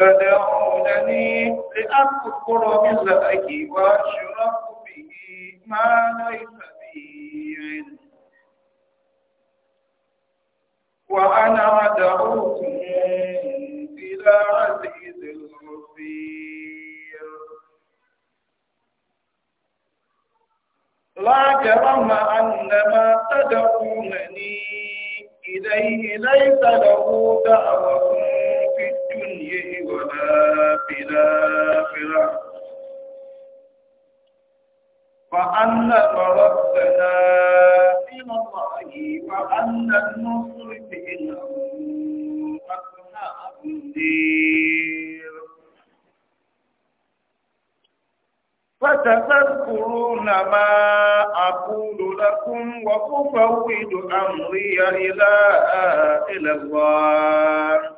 فدعونني لأذكر بالله وأشرف به ما ليس بي وأنا أدعوكم إلى عزيز الغفير لا جرم أن تدعونني إليه ليس له دعوة في الآخرة فأن مردنا إلى الله فأن النصر إلى أصحاب الدير فتذكرون ما أقول لكم وأفوض أمري إلى إلى الله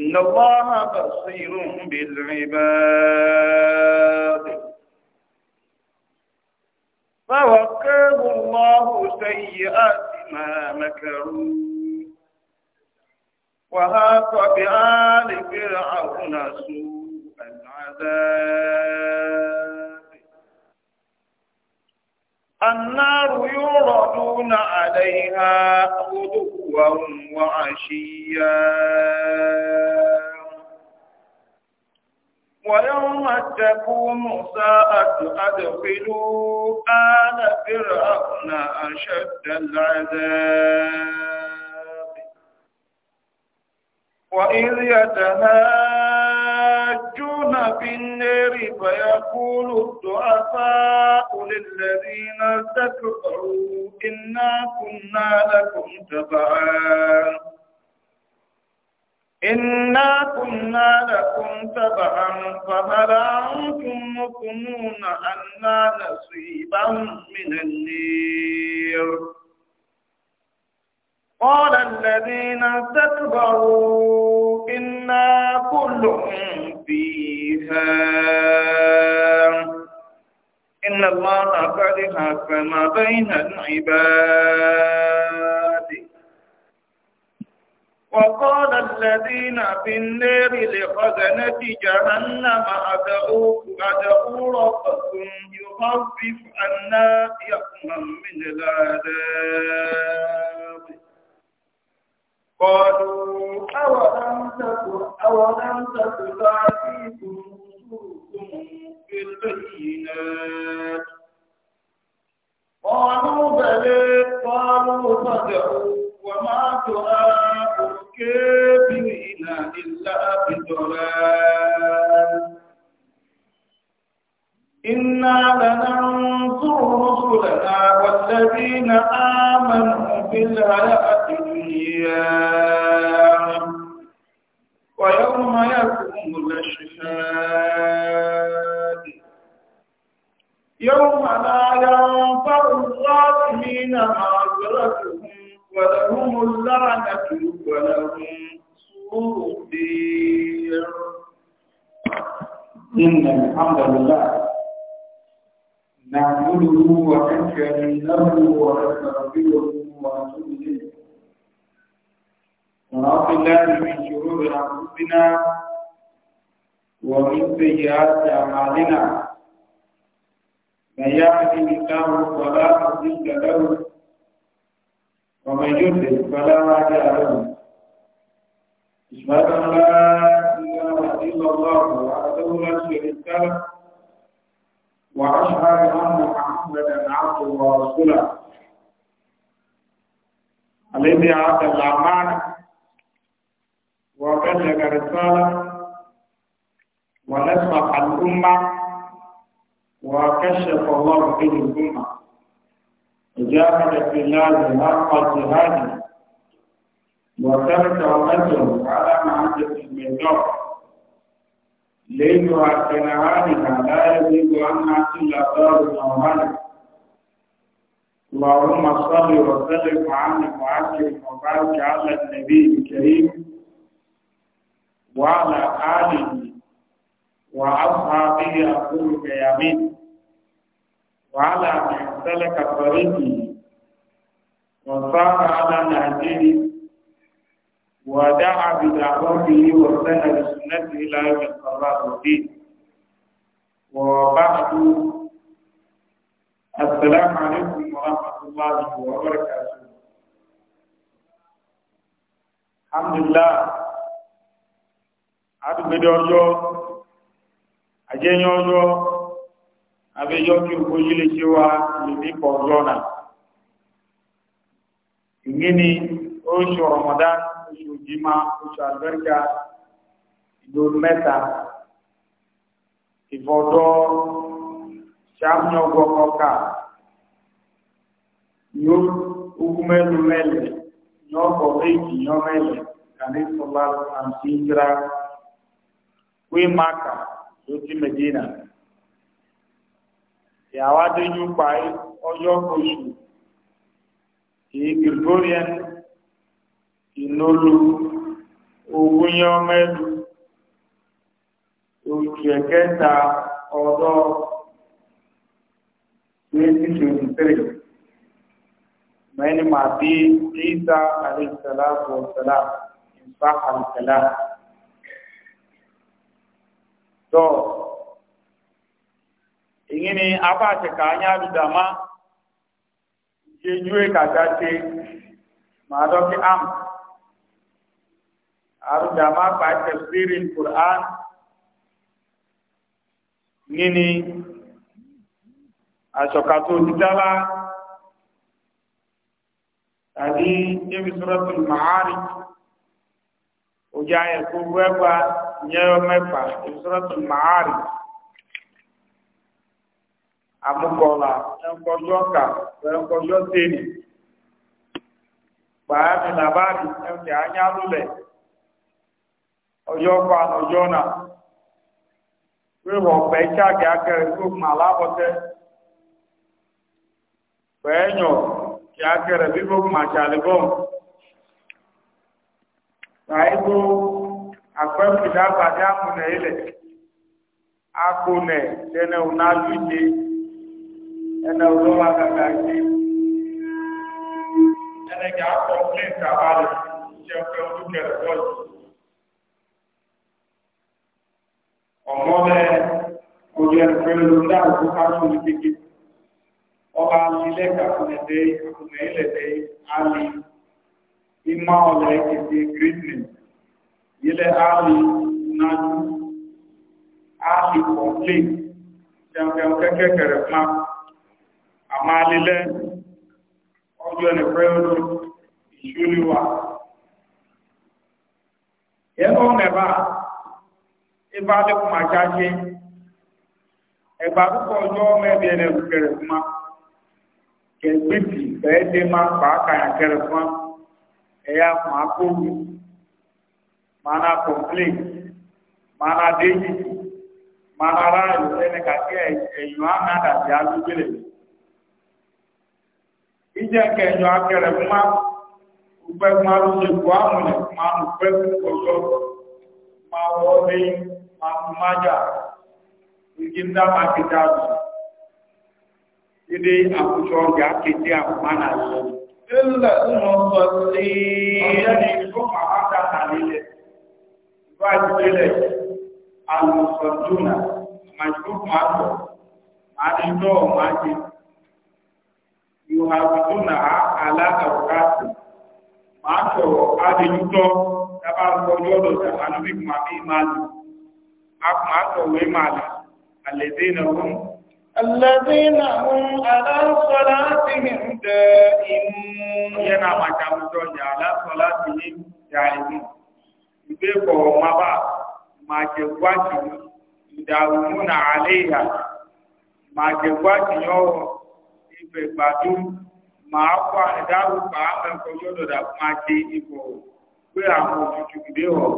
إن الله بصير بالعباد فوقاه الله سيئات ما مكروا وهاق بآل فرعون سوء العذاب النار يعرضون عليها غدوا وعشيا ويوم تكون الساعة أدخلوا آل فرعون أشد العذاب وإذ يتهاب يسقون في النار فيقول الضعفاء للذين استكبروا إنا كنا لكم تبعا إنا كنا لكم تبعا فهل أنتم مقنون أنا نصيبا من النير قال الذين استكبروا إنا كل فيها إن الله قد حكم بين العباد وقال الذين في النار لخزنة جهنم أدعوا أدعو ربكم يخفف عنا يقمن من العذاب قالوا أولم تك أولم تك تعتيكم رسلكم بالبينات قالوا بل قالوا صدقوا وما دعاء الكافرين إلا بضلال إنا لننصر رسلنا والذين آمنوا في الحياة Kwa na na aga yoma naaha baụwatiina adụ uku kwa ụmụnna ya turu gwaa wụ ụụde ونعوذ بالله من شرور أنفسنا ومن سيئات أعمالنا من يهده الله فلا مضل له ومن يضلل فلا هادي له أشهد أن لا إله إلا الله وحده لا شريك له وأشهد أن محمدا عبده ورسوله الذي أعطى الأمانة وبلغ رسالة ونصح الأمة وكشف الله به الأمة وجاهد في الله حق جهاده وترك أمته على معدة البيضاء ليلها كنهارها لا يزيد عنها إلا دار الأوهام اللهم صل وسلم على محمد وبارك على النبي الكريم وعلى آله وأصحابه أقول يمين وعلى من سلك طريقه وصار على نهجه ودعا بدعوته وسن بسنته إلى يوم القرار الدين وبعد السلام عليكم ورحمة الله وبركاته الحمد لله àtúgbèdè ọjọ́ àjẹyàn ọjọ́ abẹjọ́ kí o kójú lè ṣe wa lè pọ̀ ọjọ́ náà ìgbín ni oṣù Ramadan oṣù jimá oṣù àlùbáríkà ìlú mẹ́ta ìfọ̀dọ́ ṣàmúyọ̀gbọ̀ ọkà yóò ogun mẹ́lú mẹ́lẹ̀ yọ̀ọ̀kọ̀ méjì yọ̀ mẹ́lẹ̀ kàní sọlá àti ìjìra kwe maka lóti medina ìyàwó adéjú pa ọjọ́ oṣù kì í gregorian ìnolu ogun yẹn ọmọ ẹlú oṣù ẹ̀kẹta ọdọ twenty twenty three mẹni màbí isa alayhi salatu wa salam isa alayhi salam tọ èyí ni abáṣekà anyá dùdàmá jeju ekata ṣe màá dọ́kí am àrùdàmá pa tẹ̀síìrì Qur'an nínú àṣọkàtò dídálá tàbí ebi suratul Ma'arij ojú ayẹ̀kú wẹ́gbàá. ìyẹn mẹ́fà ìṣúrọ́tù màárì àmúkọ̀ọ̀là ẹnkọjọ́ ọ̀kà ẹnkọjọ́ tèmi gbàámi làbáàrí ẹnkẹ̀ anyálùlẹ̀ ọjọ́ ọkọ̀ ànọjọ́ náà wíwọ̀ ọ̀pẹ̀ ìṣàgẹ̀ akẹ́rẹ́ gbógun àlábọ̀tẹ́ pẹ̀ẹ́yàn kí akẹ́rẹ́ bí gbógun àṣàlẹ̀ bọ́ọ̀ agbẹ́mùdá gbàdé àkùnẹ̀ ilẹ̀ akùnẹ̀ tẹnẹ ọ̀nà àlùjẹ ẹnẹ ọlọ́wọ́ àgàgà jẹ ẹnẹgẹ akọ plẹ̀n kàbálẹ̀ jẹ ọkẹ ọdún kẹrẹ bọ́ọ̀lù ọmọ bẹ ojú ẹnìfẹ́ ló ilẹ̀ ààrì náàjú ààrì kọ̀ọ̀lé jẹun kẹ́kẹ́ kẹrẹ̀ máa àmà alilẹ́ ọjọ́ ẹni pẹ́lú ìṣúlúwà ẹgbẹ́ ọmọ ẹ̀bá ẹbá lẹ́kùn máa jáṣe ẹgbà púpọ̀ ọjọ́ ọmọ ẹbí ẹni kẹrẹ̀ máa kẹgbẹ́bì bẹ́ẹ̀ dé máa pàákàyà kẹrẹ̀ máa ẹ̀yà máa kó mana complain mana deji mana ráàlù lẹ́nu kàkí ẹ̀yìn àmì àdàbí alúgbélé ìjẹ́ kẹjọ akẹrẹ mọ́ ọgbẹ́gun alóṣèkú àmúlẹ̀ máa ń gbẹ́gun ọjọ́ máa wọ́ ní máa Ilẹ̀ ń lọ sọ sí. ni nílẹ̀. báyìí délẹ̀ alùsọ̀dúnà màjúkú máa bọ̀ máa ní lọ́ máa jẹ yòhàbùdúnà aláàbùkátì máa sọ̀rọ̀ adéyútọ́ dábà lọ́jọ́ lọ́jà anúbíkù máa bí máa lù á máa sọ̀rọ̀ máa lù àlẹ́dẹ́nà wọn. الذين هم على صلاتهم دائمون ينام كم على صلاتهم دائمون ìgbé bọ̀ mabà ma ìdààmúnà àléyà màjẹ̀gbájì yọ̀wọ̀ ibẹ̀ ma màá kọ́ àdárò pàápàá kọjọ́ dọ̀dà fún ajé ibò pé àwọn òtútù gbé họ̀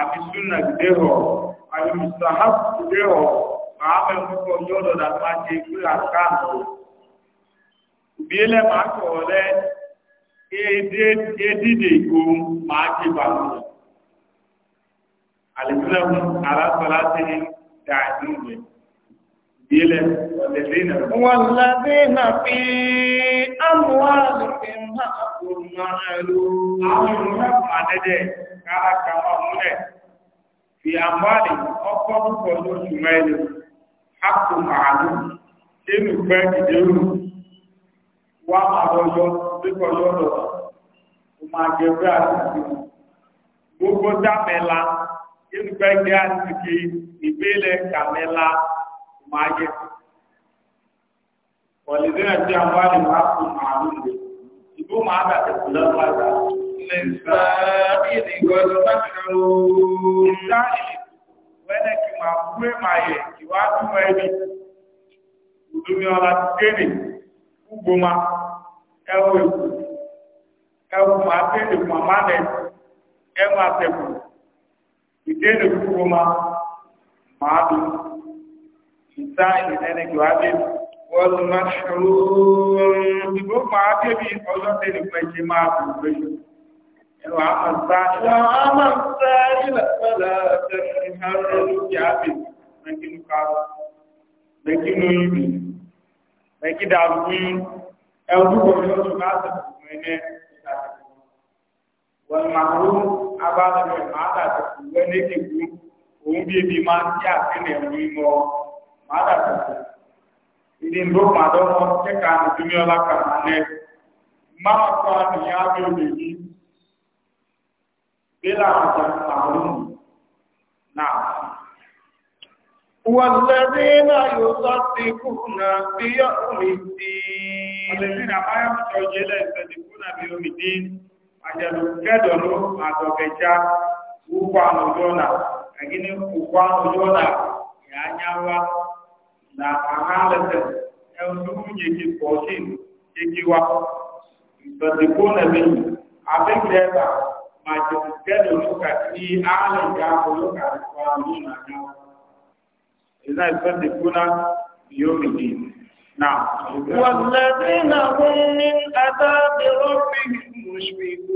àti súnà gbé họ̀ àti mùsàlámù gbé họ̀ pàápàá kọjọ́ dọ̀dà fún ma alìsílẹ̀kùn alásọ̀lásìlì dàdí ìwé ìdílé ọ̀lẹ́dínà. wọ́n lábẹ́ náà fi amúhàlùfẹ́ máa kò máa lò. àwọn ìròyìn àdẹ́dẹ́ kára kan ọ̀múlẹ̀ fi àmúhàlì ọkọ̀ púpọ̀ lóṣù mẹ́lẹ̀ irúgbẹ́gbẹ́ àtìkè ìbílẹ̀ kàmẹ́lá máyé. Wọ̀lẹ̀dẹ́ àti àwọn àlèmọ́ àpò màálù rẹ̀. Ìbú máa bàtẹ̀ kù lọ́wọ́ àgbà. Ilẹ̀ ìsá ìdí gọ́dọ̀ sáfìrò. Ìsá ìlú wẹ́lẹ̀ kì máa fún èmàyẹ̀ ìwádìí mọ́ ẹbí. Ìdúmi ọlá ti kéde gbogbo ma ẹwọ ìkù. Ẹwọ máa kéde màmá rẹ̀ ẹwọ àtẹ̀kù ki deni hukuma maalum misali nene kiwabe walmashhur gbogbo akebi ọlọ́dẹ nìkan ṣe máa bù lóyún ẹnu àmọ́ sáyà àmọ́ sáyà fẹlẹ tẹsí hàrẹ lókè àbẹ mẹkínú kárọ mẹkínú yìí mẹkí dàrú yìí ẹwùdú wọlé ọdún láti agbára rẹ̀ máa dàtọ̀ kù wẹ́lé nìkú òun bí ebi máa ń tí àfihàn ẹ̀rù ìmọ̀ máa dàtọ̀ kù. Ìdí ń lókun àdọ́mọ kíkà nìdúmí ọlá kàmá lẹ̀. Máa kọ́ àníyàn bí olè yìí. Bílà àjà àrùn náà. والذين يصدقون بيوم الدين الذين ما يصدقون بيوم الدين ajalukẹdọnu atọkẹtsa ukpa nujọna agini ukpa nujọna yanyawa na ahalẹsẹ ẹnudu yeki kọsi yeki wa ìtọ̀síkó nàbí abẹ́gbẹ́ta والذين هم من عذاب ربهم مشفقون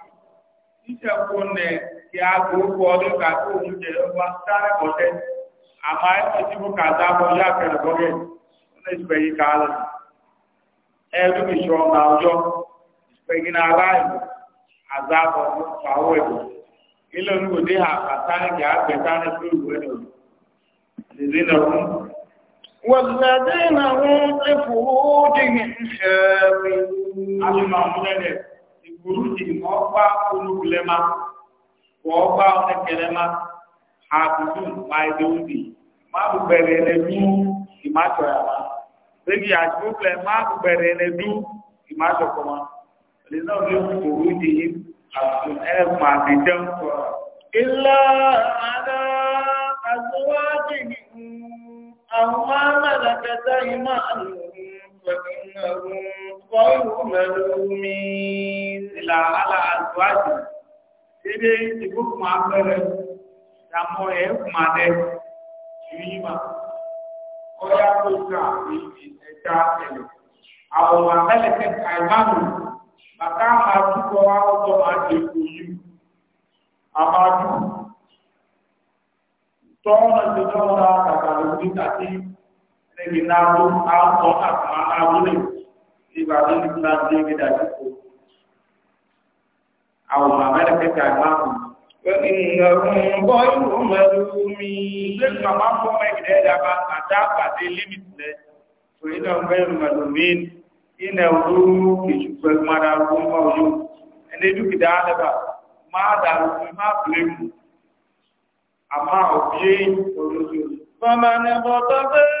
níṣẹ̀kùn nẹ̀ kí a kò kọ ọdún kà tó òun jẹ ọba sáré bọ̀tẹ́ àmọ́ ẹ̀kọ́ tí mo kà dá bọ́ na kẹrẹ̀ bọ́gẹ̀ ọ̀nà ìṣùpẹ̀ yìí kà á lọ. ẹ̀rú ìṣọ́ ọ̀nà ọjọ́ ìṣùpẹ̀ yìí náà láì àzábọ̀ pàwọ́ ẹ̀kọ́ fún guruji kɔɔkpa olugulɛma kɔɔkpa ɔnɛkɛlɛma habidu maidewudi mabu gbɛrɛ lɛ du imatsɔ yama sebi adu filɛ mabu gbɛrɛ lɛ du imatsɔ kɔma lina o lɛ guruji habidu ɛlɛ kuma ti dɛm kɔrɔ. ilà àdá àzọwájì ni àwọn máa ń mẹ́lẹ̀ kẹta yìí máa ń lò ó. فإنهم غير ملومين إلى على أزواجهم Dede ìdìbò fún abẹ́rẹ́ ìdààmú ẹ̀ fún adé ìrìnà. Ọ̀yá tó gbà èyí ẹja ẹ̀lẹ̀. Àwọn abẹ́lẹ̀ tẹ̀ ká ìmáàmù. Bàtà máa túbọ̀ wá ọjọ́ máa dé òyìn. Àmàdù. Tọ́wọ́n náà ti tọ́wọ́n náà kàkà sai na zo a so a kuma na wuri sai ba zai na zai gida ko a wa ma mai da kai ka ma ku wa innahum ghayru malumin sai ka ma ko mai gida to ina ghayru malumin ina wuru ke shugabar mara bẹ́ẹ̀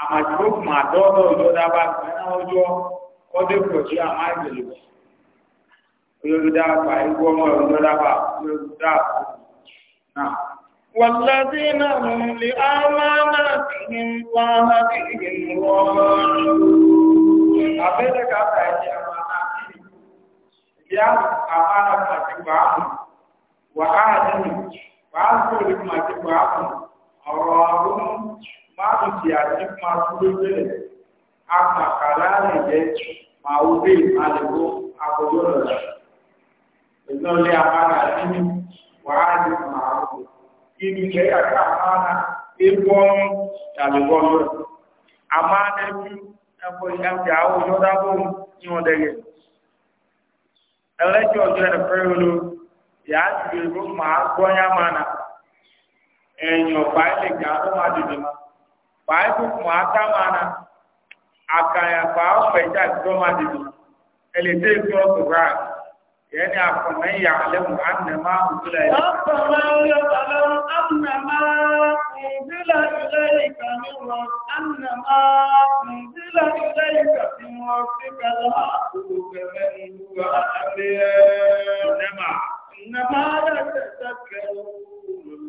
àmàdúró mà dọ́dọ̀ ìjọba bá gbẹ́ná ọjọ́ ọdẹ pọ̀jù àmà ìbẹ̀lẹ̀ ikú ọmọ ìjọba bá olórídà náà. والذين هم لأماناتهم وعهدهم راعون أبدا ما تبعهم masu siyasi masu dogale ma wube malibu a a mara nini wa haji ma'arufu inu ke ya ka mana ibon talibon yau amma na biyu ẹgbẹ́ ìyàwó àwùjọ dábò ní ọ̀dẹ̀gẹ̀ ẹlẹ́jọ́ ọjọ́ ẹ̀fẹ́ olú yàá ti gbèrú màá gbọ́nyá mana dị wàá tún mọ̀ ata máa na àkànyà wàá fẹ̀jà dọ́màdì yẹn ni àfọ̀mọ́ ìyá alẹ́ mu ànà máa ń sílẹ̀ yìí. àfọ̀mọ́ ìyá ìgbà mi wọ̀ ànà máa ń ìgbà mi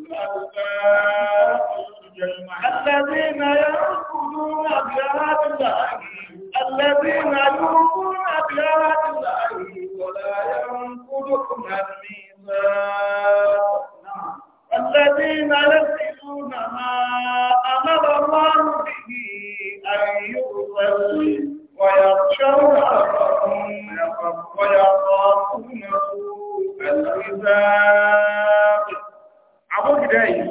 sí àkókò ìlú الذين يركضون بآيات الله الذين يركضون بآيات الله ولا ينقضون الميثاق الذين يصلون ما أمر الله به أن يرسل ويخشون ربهم ويخافون سوء الحساب أبو جديد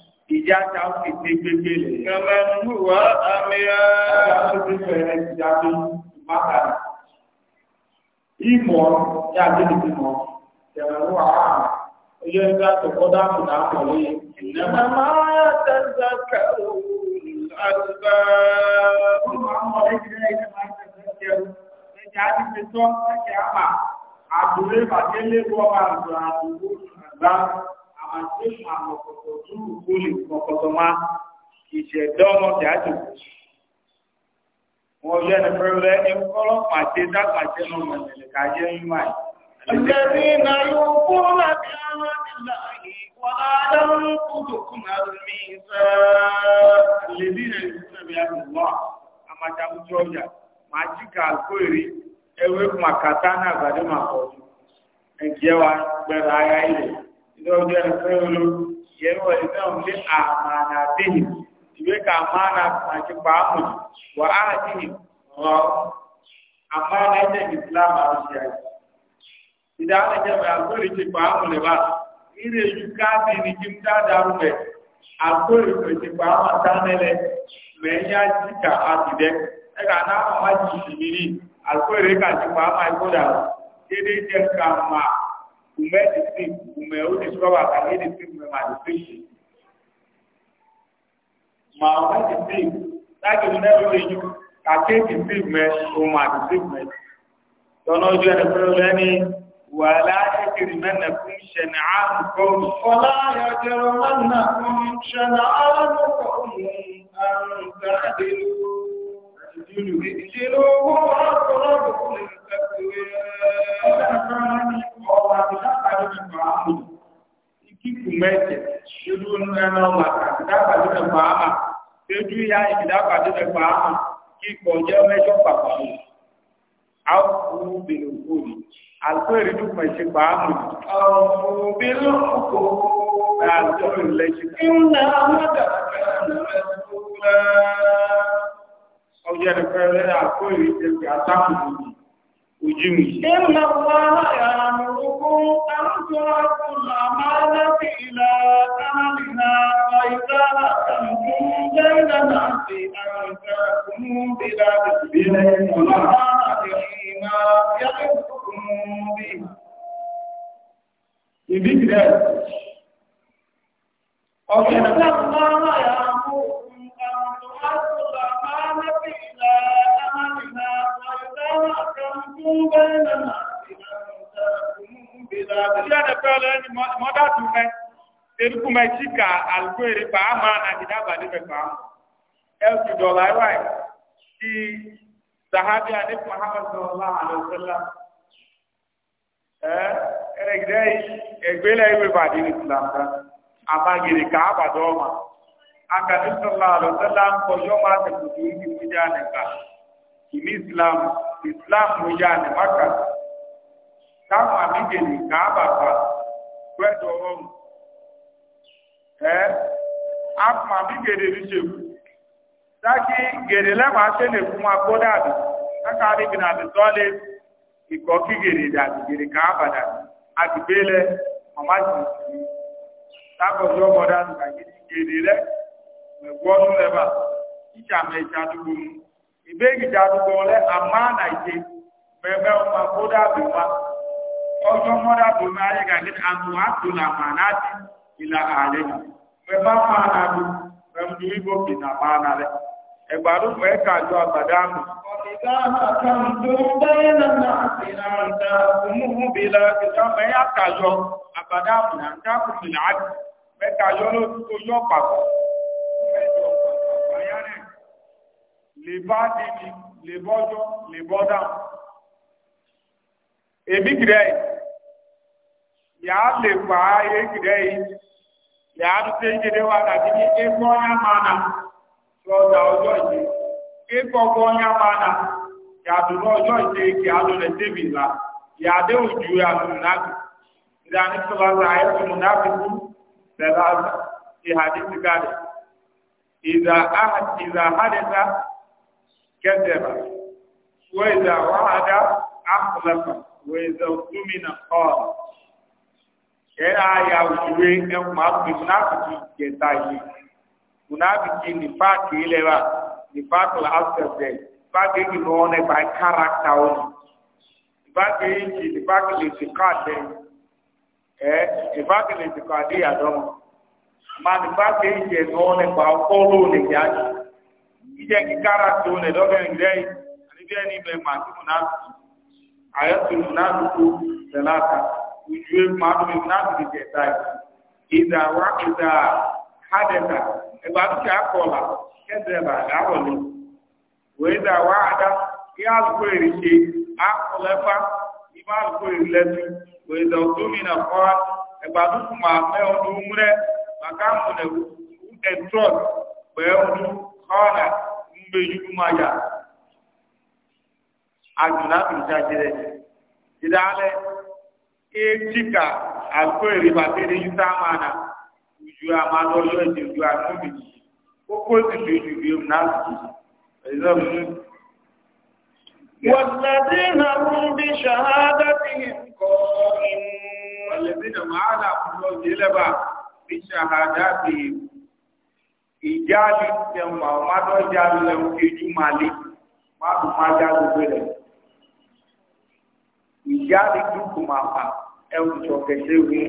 ìjà ta ó sì ti gbégbé lè. Kàmá mú wá àmìrà. Ìjà tó ti fẹ̀rẹ̀ ìjà tó máta. Ìmọ̀ ní abẹ́lé ti mọ̀. Tẹ̀wọ̀n wà á. Oyè ń gbà tó kọ́ dáàbò náà pọ̀ lóye. Ìnáwó yà tẹ̀ ń lé wọ́n máa ń gbà àdéhùn àkọ́kọ́tọ̀ dúró kólé kọ́kọ́tọ̀ má ìṣẹ̀dá ọmọ tí a jò kù. Wọ́n yẹ ní pẹ́rẹ́ ní kọ́lọ́pàá àti dápàjẹ́ náà mọ̀lẹ́lẹ̀ ká yẹ ń wà yìí. الذين يوفون بأمر الله ولا ينقضون الميثاق الذين يوفون بأمر الله أما تبجوجا ما تيكا الكوري ewe kuma kata na gbadé ma kọjú ẹgbẹ́ wa gbẹ̀rẹ̀ ara ilẹ̀ lọ́jọ́ ẹ̀fẹ́ olú yẹ̀rọ ìdáhùn lé àmàna déhì ìwé ka àmàna àti pàápù wà á dìhì rọ àmàna ẹ̀jẹ̀ ìsìlámù àwùjọ àyè. ìdáhùn ẹ̀jẹ̀ bẹ̀rẹ̀ àgbèrè ti pàápù lè bá ìrè ju káàdì ní kí n dáadáa rúbẹ̀ àgbèrè pẹ̀ ti pàápù àtànẹ́lẹ̀ mẹ̀yà jìkà àtìdẹ́ ẹ̀ka náà wọ́n á jì ìṣèlérí àgbèrè kà ti pàápù àìkódà kéde jẹ́ ká máa. That to umedisip umeudiscover can edisip umemadisip ma umedisip láti mú lẹ́rù ìjú kàkéèkì sí mẹ́ ohun àdìsí mẹ́ tọ́nà ojú ẹni pé ó lẹ́ni wà láyé kiri mẹ́nà fún ṣẹ̀nà àrùn kọ́ọ̀mù. ọ̀la ayọ̀jẹ̀ mẹ́nà fún ṣẹ̀nà àrùn kọ́ọ̀mù àrùn káàdé ìdílù ìdílù owó àkọ́rọ̀ kò ní ìfẹ́ pé ẹ̀ ẹ̀ ẹ̀ ọba àtìdápàdé ní màámù kíkù mẹ́jẹ̀ ṣojú ẹnu ọba àtìdápàdé ní màámù ṣojú ya ìdápàdé ní màámù kíkọ̀ jẹ́ mẹ́jọ pàpàmù àwùkù bèrè òkúri àlùkò èrìdù pẹ̀sẹ̀ pàámù. ọ̀pọ̀ bèrè òkú àjọ ìlẹ́sìn. ìwúlẹ̀ àwọn ọ̀dà ọjọ́ ìfẹ́ rẹ̀ àkó ìrìnsẹ̀ àtàkùn ojúmi. Ìlà wá àmúrúkún àrùsọ́rọ̀kún àmàlẹ́bí ìlà àmàlìnà ọ̀ìdá àtàkùn jẹ́rìnà àti àrùsọ́rọ̀kún bílá bílẹ̀ ìbíkìlẹ̀ ọ̀kẹ́ ìlà wá àmúrúkún àrùsọ́rọ̀kún àmàlẹ́bí ìlà Ìjọ́nà pẹ́lẹ́ ni ka àlùkò èrè pa á máa nà ìdá àbàdé mẹ́ pa á. Ẹ̀sùn dọ̀là ẹ̀wà ẹ̀ ti sàhábí àdékù Muhammad sọ̀rọ̀lá àlùsọ́lá. ẹgbẹ́lẹ̀ ìwé bàdé ní àlùsọ́lá ń kọjọ́ máa ìsìláàmù ya na wákàtí táwọn àmìgèlè káàbàbà pẹ́ẹ̀dọ̀ ọrùn ẹ́ àpọ̀ àmìgèlè ní ṣèkú dákí gèrè lẹ́wàá ṣe lè fún wa kó dàbí kákàrí bìnà ìbéèrè ìdádúgbò ọlẹ́ àmàna ìṣe bẹ̀rẹ̀ ọmọ kódà bí wa ọjọ́ mọ́dà tó ní ayé gàdé àtò àtò làmàna àti ìlà ààrẹ nà bẹ̀rẹ̀ bá máa nà na ní ìbò kì nà àgbàdá àkàndó bẹ́ẹ̀ ń bí mẹ́yà àgbàdá nà ń mi lebadini lebọjọ ebi ebigire ya lekwa egire ya adụta onye onye ya dụrụ ọjọ ije ka ya dụrụ etebila ya adị uju ya dụrụ n'agụ ndị anyị sọlọta anyị kwụrụ n'akụkụ selaza ihadisi gari aha kẹ́dẹ̀bà wẹ́ẹ̀dà wàhádà ápùlẹ̀pà wẹ́ẹ̀dà òtúmìnà kọ́ọ̀lù ẹ̀ àyà òṣèré ẹ̀kùnmá pé múnáfìkì ìjẹta yìí múnáfìkì ní páàkì ilẹ̀ wa ní páàkì làásẹ̀sẹ̀ páàkì yìí ni wọ́n ẹ̀ bá káràkítà wọn ìbáàkì yìí jì ní páàkì lè ti káàdẹ̀ ẹ̀ ìbáàkì lè ti káàdẹ̀ yàtọ̀ mọ́ màá ní páàkì yìí jẹ̀ ní wọ́n ẹ̀ bá kọ́ lóòlì yájú. ije kikara to ne doga ngirei anibia ni ble matumu na ayatu munafiku salata ujue madu munafiki jetai dị ka kola kedeba gawole wa idha wa'ada ya kweri shi akolefa ima kweri letu gbé ojúkú máa yà àjùlá bìjà jẹrẹ ìdálẹ èjìká àgbo èrìbà tẹlẹ yúta máa nà ojú àmàlọ yọ ẹjẹ ojú àtúbì kókó sì lè ju ìwé mu náà sí ẹjọ mi. والذين هم بشهادتهم قائمون والذين معنا كل ذلبا بشهاداتهم ìjáde tẹun àwọn adọ́jà lẹ́wọ́ kejú màlẹ́ máàbù máa já gbogbo rẹ̀ ìjáde dúkù máa fà ẹ̀wù ìṣọ̀kẹ̀ṣẹ̀ wí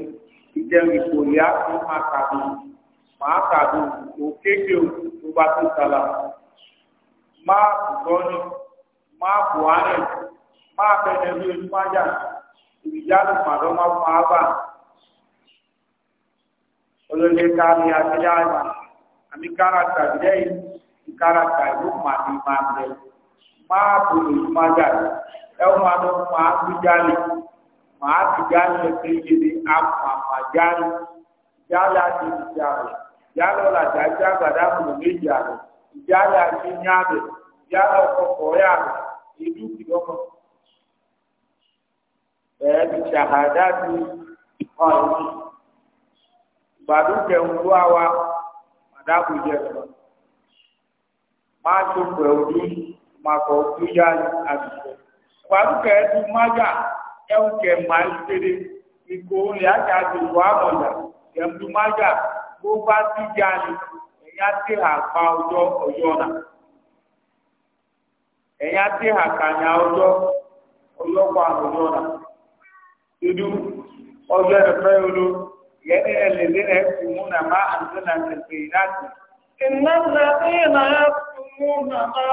ìjẹun ìkòlì àti màkàdù màkàdù òkéde tó bá tó sàlà máàbù tọ́ni máàbù àárẹ̀ máàbù ẹ̀jẹ̀ bí ojú máa jà ìjáde màdọ́ máa fà á bà olóńgbé kárí àti yára àmì káràtà jẹ́ ìkáràtà ìlú màdì máa bẹ̀ máa bò lè má jà ẹ̀wọ̀n àná máa gbé jálè máa ti jálè ẹ̀kẹ́ yẹlé àmàmà jálè jálè àti ìjàlè jálè ọ̀làjà jẹ́ àgbàdá kùnú méjì àlè jálè àti nyàlè jálè ọkọ̀ kọ̀ọ̀yà àlè ìlú kìlọ́mọ̀ ẹ̀ẹ́dì ṣàhádá ti ọ̀rọ̀ ìbàdúkẹ̀ ń lọ́wọ́. àdábòjẹ lọ ya tó pẹ ojú má kọ ojú yá àdùkọ pàtùkẹ ẹtù májà ẹwù kẹ má ìṣeré ìkó olè àjà àti ìwà àmọjà ẹtù bó bá ti ẹyà pa يا الذين يكتمون ما أنزلنا من البينات إن الذين يكتمون ما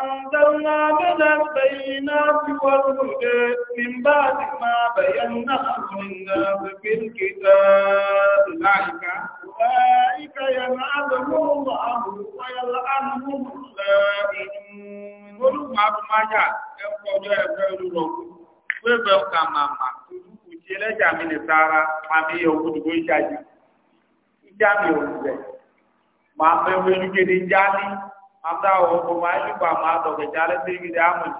أنزلنا من البينات والهدى من بعد ما بيناه للناس في الكتاب أولئك أولئك يلعنهم الله ويلعنهم اللائمون. Olùmọ̀ àbúmáyà ẹ̀kọ́ ọjọ́ ẹgbẹ́ olùrọ̀kú, wébẹ̀ ọkà màmá. ìṣẹ̀lẹ̀ jàmí ní sára àmì ọkọ dùgbò ìjáde ìjáde òǹzẹ màá fẹ́ jáde àmì ma ọkọ màá yùgbà màá dọ̀gẹ̀ jáde sí gèdè àmọ̀jì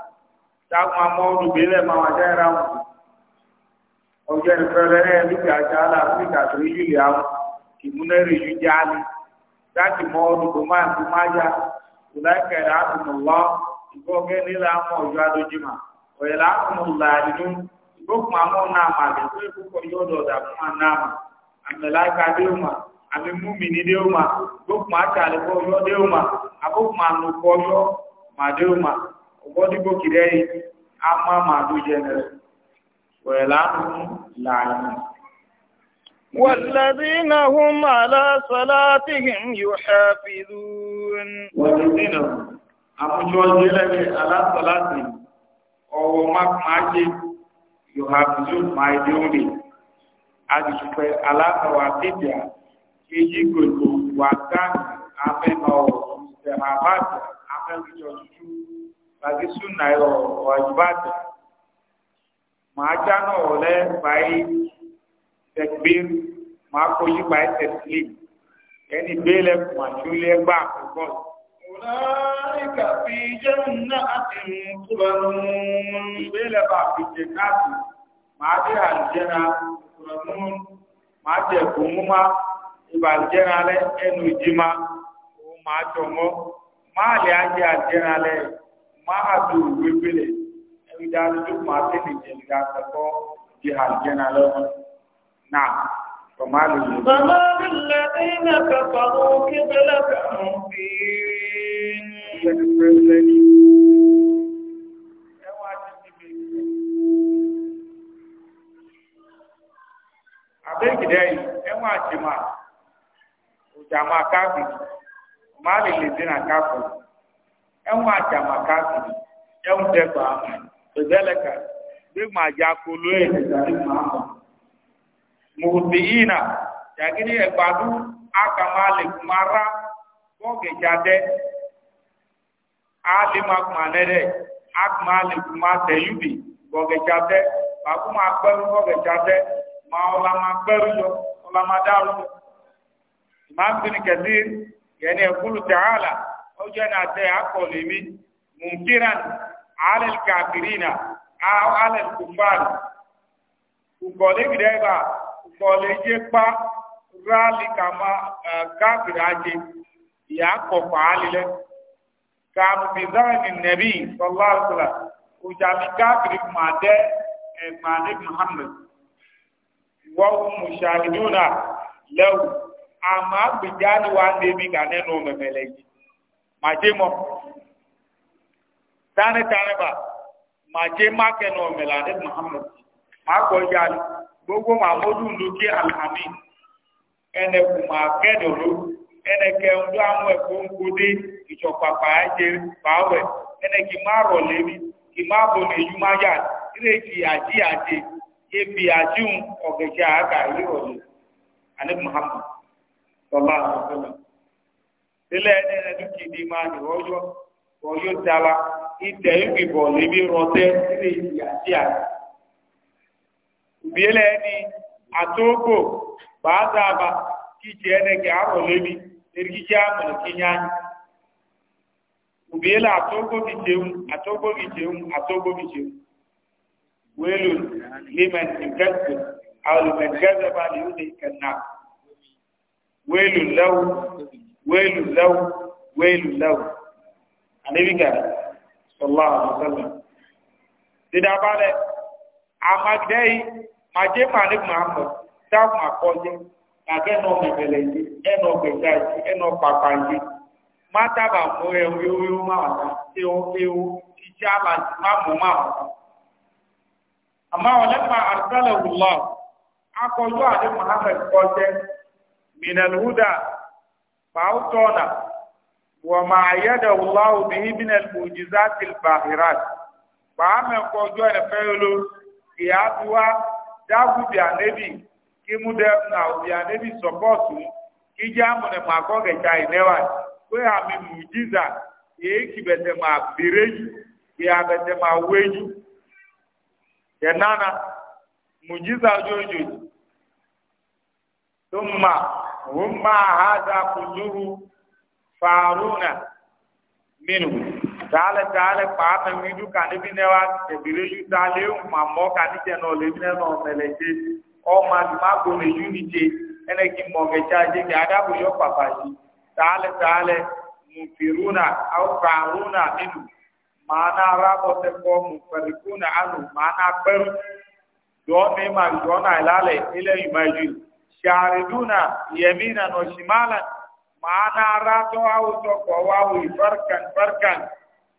táwọn amọ̀ olùgbélẹ̀ máa wà jáde tó yí lè àwọn yìí jáde olùgbò máa tó máa yá àtùnú lọ àtùnú làdínú. gbogbo àwọn náà mà lè tó púpọ̀ yóò dọ̀dà fún wa náà dé mà àmì múmi dé mà gbogbo àtàlẹ́kọ̀ yọ dé mà àgbogbo ànùkọ̀ yọ mà dé mà kìrẹ́ yìí á má والذين هم على صلاتهم يحافظون والذين هم على صلاتهم أو ما you have done my duty, building. Adìsúpẹ́ aláfọwàtíjà kí yí gbogbo wà dánù afẹ́mọ̀ ìṣẹ̀màbàtà afẹ́mìjọ tútù bàgísù náírà ọ̀jùbàtà. Màá jáná ọ̀lẹ́ báyìí tẹ̀gbìn máa kó yí báyìí tẹ̀sílì. Ẹni gbé lẹ́kùn àti ó lé ẹgbà àkọ́kọ́. ka fi jẹ́ náà àti ìkúrọ̀mùn ìgbélẹ̀bà fi jẹ káàkì máa jẹ́ àjẹ́ra ìkúrọ̀mùn máa jẹ́ ìkúnmúmá ìbàjẹ́ra alẹ́ ẹnu ìjímá òun máa jọmọ́ máa lè ajẹ́ àjẹ́ra alẹ́ máa tó ìwégbélẹ̀ ẹ̀rí dáadọ́ máa tẹ́lẹ̀ jẹ́ àtẹ́kọ́ jẹ́ àjẹ́ra lọ́wọ́ náà فما للذين كفروا قبلك مهين abẹ́gidẹ́yìn ẹ̀wọ̀n àjẹmà òjàmà káfìrì má lè lè dín àkáfìrì ẹ̀wọ̀n àjàmà káfìrì ẹ̀wọ̀n dẹ́gbàá pẹ̀lẹ́lẹ́kà gbẹ́gbàá àjà kolo ẹ̀ nígbà tí màá mọ̀ mùsùlùmíìnà jàgídí ẹgbàdú àkàmà lèkùmárà bọ́ọ̀gẹ̀jáde àlèmàkùmánẹ́dẹ àkàmà lèkùmátẹ̀yùbì bọ́ọ̀gẹ̀jáde bàkúmà gbẹrú bọ́ọ̀gẹ̀jáde màá ọ̀làmà gbẹrú yọ ọ̀làmà dàrú yọ. ìmáàmù bìnnì kẹsí yẹni ẹ̀kúlù tẹ̀hálà ó jẹ́ náà tẹ akọ̀lẹ̀ mi mùnkíràn àlẹ́ kàkìrìnà àlẹ́ kùfàlù kùkọ̀lẹ́ gidẹ́gbà kọleje kpa rali kama kafiri aje ya kọkọ ali lẹ kamizani nabi sallallahu alaihi wa sallam ojami kafiri ma dẹ ẹgbani muhammed wọ́n mùsàlùmíwònà lẹ́wù àmọ́ àgbèjáde wa ń débi kà nínú mẹ̀mẹ̀lẹ̀ yìí màjé mọ́ tánítánítà màjé mákẹ́ nù ọ̀mẹ̀lẹ̀ àdé muhammed àgbọ̀jáde. gbogbo mahmudu luki alhami ẹnẹ kuma kẹdọló ẹnẹ kẹndó àwọn ẹkọ ńkọdé ìjọpàpà ẹjẹ pàwẹ ẹnẹ má rọ lébi kì má bọ ní yumaya ìrèkì àti àti ebi àtiwọn àgà sọlá ẹni ẹni máa ní biyele ni atoko baada ba kije ne ke aro lebi ergije amul kinyan ubiyele atoko bijeun atoko bijeun atoko bijeun welul liman inkasir aw liman kadhaba li yudhika an-nar welul law welul law welul law anabi ga sallallahu alaihi wasallam dida bale amagdei màdé mà ní mà mọ̀ tá mà kọjá gàgẹ́ nà mẹ̀mẹ̀lẹ̀ yìí ẹnà ọ̀gbẹ̀dá yìí ẹnà pàpà yìí má dábà mú ẹwú ewu má wà ká ewu ewu ìjẹ́ àlàjì má mú má wà ká. àmọ́ àwọn lẹ́gbà àrùsálẹ̀ wùlọ́ akọjú àdé muhammed kọjá minal huda bàá tọ́nà wọ́n máa yẹ́dẹ̀ wùlọ́ òbí minal mùjìzá tìlbàhìrát bàá mẹ́kọjú ẹ̀fẹ́ yìí ìyá tiwa dagu bi anebi kimu de na bi anebi support kija mune mako ge chai newa kwe ami mujiza ye kibete ma bireju ye abete ma weju ye nana mujiza ojojo thumma humma hadha kulluhu faruna minhu taale taale kpaata miidu ka ne bi ne wa ebire yu taale ma mɔ ka ne tɛ nɔɔ le ne nɔɔ mɛlɛ tse ɔma ma gbɔne yu ni tse ɛnɛ ki mɔ kɛ tsa tse kɛ ada ko yɔ papa si taale taale mufiruna aw faaruna ninu maana arabɔ tɛ kɔ mufarikuna anu maana kpɛru dɔɔni ma dɔɔna ilalɛ ilɛ yumaju saariduna yɛmina nɔ simala maana aratɔ awo tɔ kɔ wawo farkan farkan.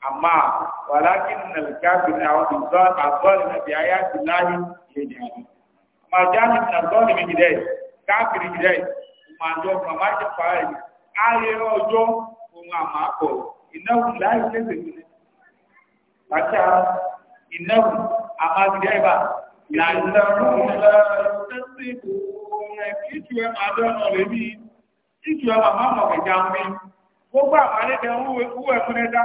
amma walakin alkafirin a wani azalimi bi ayati lahi yajhadun ma jani na zalimi gidai kafiri gidai ma jo ma ma je fare aye ojo ko ma ma ko inahu lahi yajhadun acha inahu ama gidai ba la ilaha illa tasibu kitwe madono lebi kitwe mama mo jambi gbogbo àwọn ẹlẹ́dẹ̀ẹ́ wúwo ẹ̀kúnrẹ́dá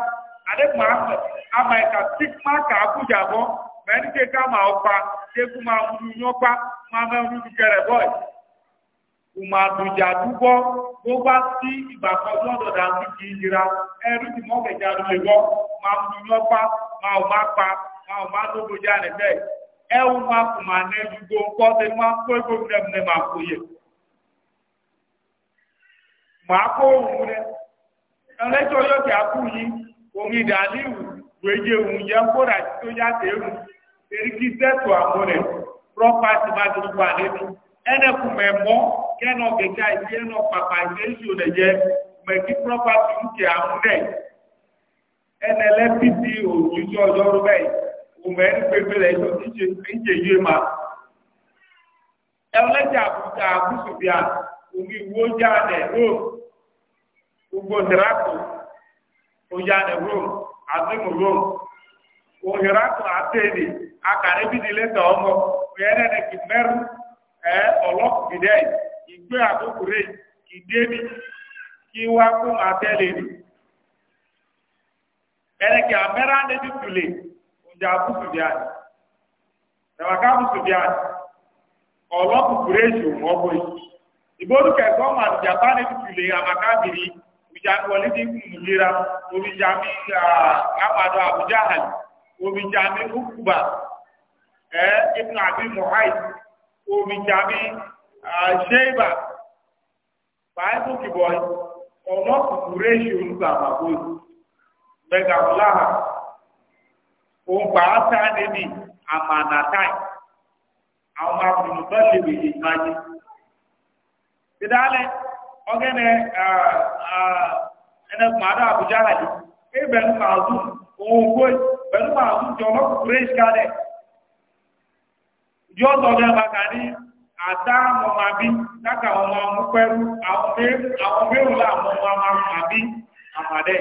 adek ma ama amaghị ka stigma ka abuja gbọ, ma ndị nke ka ma ọkpa teku ma mụrụ nyọkpa ma ma mụrụ kere bọị ụmụ abuja gbọ, gbogbo si da ndị ti ma ma ma pa ma ọma lóbojà nìbẹ ẹwù ma kùmà n'ẹdùgbò nkọ ma kó ma ma kó òun ìdàlíwù gbèjè òun yẹ kóra tó yàtọ̀ èrú erigi sẹ́tù àmúrẹ̀ property má ti gbà nínú ẹnẹkùn mẹ́mọ́ kẹ́nà gẹ̀gẹ́ àìsí ẹnà pàpà ìṣẹ́sì òun ẹ̀yẹ mẹ́kí property ń kẹ́ àmúrẹ̀ ẹnẹ lẹ́bí ti òjijì ọjọ́ rú bẹ́ẹ̀ òun ẹ̀ ń gbégbé rẹ̀ ń jẹ yé ma ẹlẹ́jà àbújá àbúṣùbíà òun ìwó jáde ó gbogbo dìrákùn ojane rome azimu rome ohirakul ateni akare bi dile ta ọmọ oyene ne kimeru ẹ ọlọpù gidẹ ìgbé àkókòrè kìdébi kí wá fún àtẹlẹ ni ẹnìkì amẹra níbi tùlẹ ọjà àbùkù bíà tẹwàká àbùkù bíà ọlọpù kùrẹsì ọmọ ọgbọyì ìbọn kẹkọọ màdìjàpá níbi tùlẹ àmàkà bìrì ìjà wọlídì mùjìra omi ìjà mi àpàdọ àbújá àlì omi ìjà mi kúkúbà ẹ ibùn àbí muhaid omi ìjà mi ṣéèbà báyìí tó kìbọ̀ ọmọ kùkùrẹ́ ìṣòro àmàbòyì mẹga fúláhà òǹkà ásá níbi àmànàtáì àwọn akùnrin bá lè wèyí máa ọgẹ́nẹ ẹnẹ màdá àbújá àdì ebẹ̀lú màázù òun kó pẹ̀lú màázù jọ lọ́kù grace garden yọ sọ̀dọ̀ bàkà ní àdá mọ̀mọ́ àbí dákà ọmọ amúpẹ́rú àwọn mẹ́rùn láàmú ọmọ àbí àmàdẹ́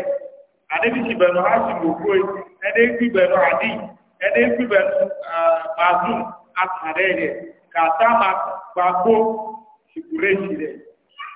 àdébìsì bẹ̀rù láti gbogbo ẹdẹ́ gbì bẹ̀rù àdì ẹdẹ́ gbì bẹ̀rù màázù àtàdẹ́ rẹ̀ kàtà màgbàgbó ìkúrẹ́sì rẹ̀.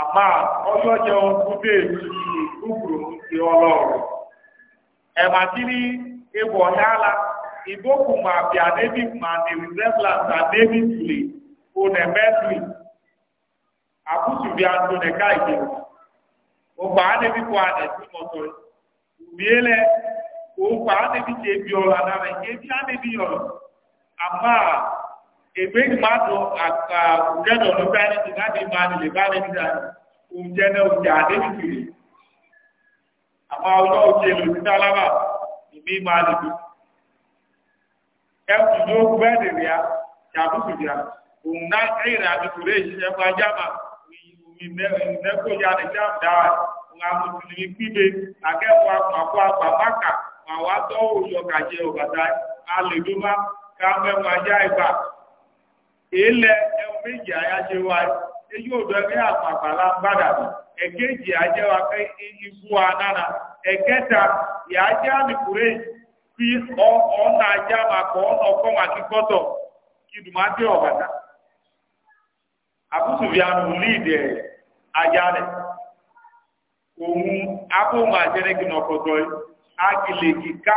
àmà ọlọ́jọ́ kúndé ìlú ìkúkúrò ti ọlọ́run ẹ̀mà tí ní ewu ọ̀yáàlá ìbókùn mà bí àdébí mà ní resemblance àdébí tùlé onẹ̀mẹ́tìlì àkútù bí antonẹ̀ká ìjẹun ọgbà àdébí kọ àdẹ̀tí mọ̀tọ́ ìbílẹ̀ ọgbà àdébí tẹ̀ bí ọ̀la náà ẹ̀yẹ́ bí àdébí ọ̀la àmà. ègbé ìgbàdo àkà òjẹ́dọ̀ ló bá ní ìgbà a máa nílé bá ní ìjà oúnjẹ náà oúnjẹ àdébìtì àmọ́ ọjọ́ òjì èlò ti dálábà ìmí máa níbi ẹkùn ló gbẹ́ òun náà òun akẹ́kọ̀ọ́ àpapọ̀ àwọn kàjẹ́ èélẹ̀ ẹ̀wọ̀n um méjì àyájẹ́ wa èyí ò dọ̀ ẹgbẹ́ àpàpàlà gbàdà ẹ̀kẹ́jì àjẹ́ wa pé ikú wa nára ẹ̀kẹ́ta ìyájẹ́ àmìkúrẹ́ fi ọ̀nà ajá màkọ́ ọ̀nà ọkọ́ màkí kọ́tọ̀ kí dùmádé ọ̀bàdà àbúsùfìànù líìdì ajá rẹ̀ òun abóhùn àjẹ́rẹ́gì nọ̀kọ̀tọ̀ yìí á kìlè kíkà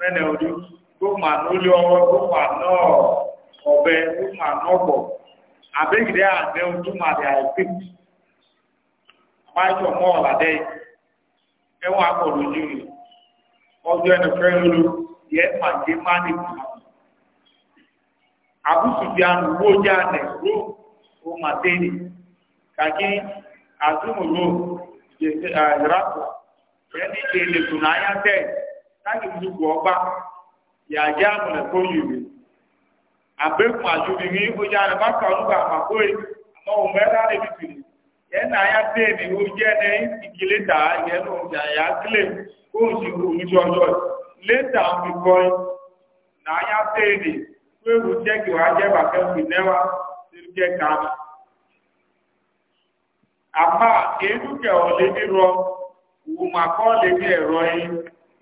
mẹ́nẹ̀ orí gómà lólé ọwọ́ gómà náà ọ̀bẹ gómà náà bọ̀ àbẹ́gìrẹ́ àgbẹ̀ ojúmọ̀ àti àìpé àbájọ mọ́ ọ̀làdẹ́ ẹ̀wọ̀n akọ̀rọ̀ ojú rẹ̀ ọjọ́ ẹni fẹ́ lólu yẹ owó jẹ́ àná kàkí ya zukù ọgbà ya àmọ̀lẹ̀ kó yìí àbẹ́kùn àjòbí ní ọjà rẹ̀ bá kà ọdún àpapọ̀ẹ́ àmọ́ òun ẹ̀rá rẹ̀ bí tìrì yẹn náà yá dé ó jẹ́ ní ìdílé yẹn náà kílè ẹ náà yá dé jẹ́ kí wàá jẹ́ bàtẹ́ jẹ́ ká mi.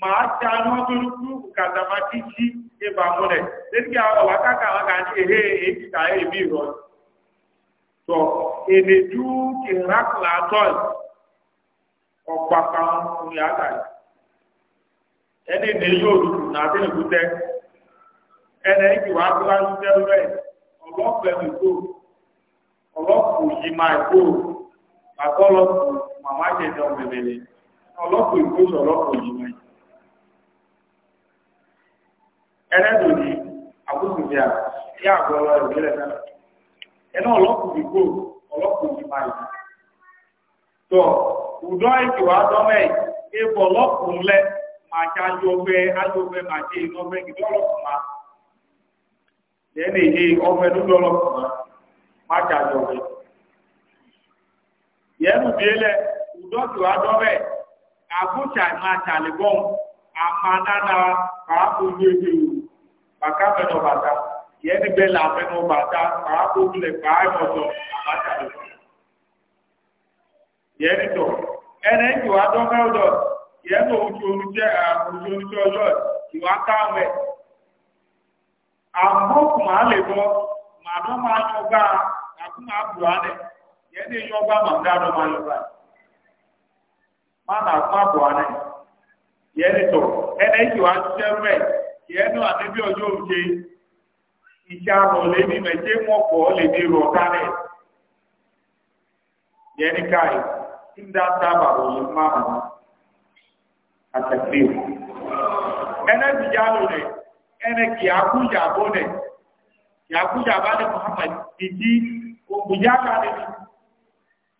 màá ta ní wọ́n tó ń kú kàtà máa ti ṣí ibà múlẹ̀ lẹ́nu kí ọwà káka wọn kà ní ehe èyí ta èmi rọ. tọ èdè dúkì rákìlá tọ́ì ọ̀pá kan ń yà á ẹni èdè yóò dùdù nàbí ìbútẹ́ ẹni èkì wàá tó láti tẹ́lú rẹ̀ ọlọ́pàá ẹ̀mí kó ọlọ́pàá yìí máa kó àkọ́lọ́pàá màmá jẹ̀dọ̀ mẹ̀mẹ̀lẹ̀ ọlọ́pàá ìkóso ọlọ́pàá yìí máa ẹlẹ́dùn ní àbúrúdìá yá àgọ́ ọlọ́rẹ̀ ìbílẹ̀ náà ẹ̀nà ọlọ́kùnrin kò ọlọ́kùnrin máa yìí ùdọ́ ètò àdọ́mẹ́ ebò ọlọ́kùnrin máa ṣe ajọ́gbẹ́ ajọ́gbẹ́ máa ṣe iná ọgbẹ́ gidi ọlọ́kùnrin máa máa máa bàtà mẹ́nà bàtà yẹn ní bẹ́ẹ̀ là mẹ́nà bàtà pàá kó lẹ̀ pàá mọ̀tọ̀ àbájá lọ. yẹn ní tọ̀ ẹnẹ ìwà dọ́kẹ́ ọ̀dọ̀ yẹn ní ojú oníṣẹ́ ojú oníṣẹ́ ọjọ́ ìwà táwọn ẹ̀. àmọ́ kò máa lè bọ́ màdọ́ máa yọ gbá àkú máa bù á nẹ̀ yẹn ní yọ gbá màdá lọ máa yọ gbá. má nà kó má á nẹ̀ yẹn tọ̀ ẹnẹ ìwà ṣiṣẹ́ rẹ̀ yẹnu àdébí ọjọ́ òjé iṣẹ́ àrùn lè ní mẹ́jẹ́ mọ́kọ̀ lè ní rọ̀ kálẹ̀ yẹni káyì tí ń dáadáa bàbá òun máa mọ̀ àtẹ̀kẹ́ ẹnẹ́bí yálò rẹ̀ ẹnẹ́ kì í àkújà bó rẹ̀ kì í àkújà bá ní Muhammad ìdí òkùnjá kálẹ̀ ni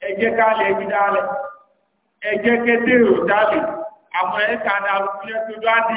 ẹjẹ́ kálẹ̀ ẹbí dálẹ̀ ẹjẹ́ kẹ́tẹ́ rò dálẹ̀ àwọn ẹ̀ka ní alùpùpù yẹn tó dá dì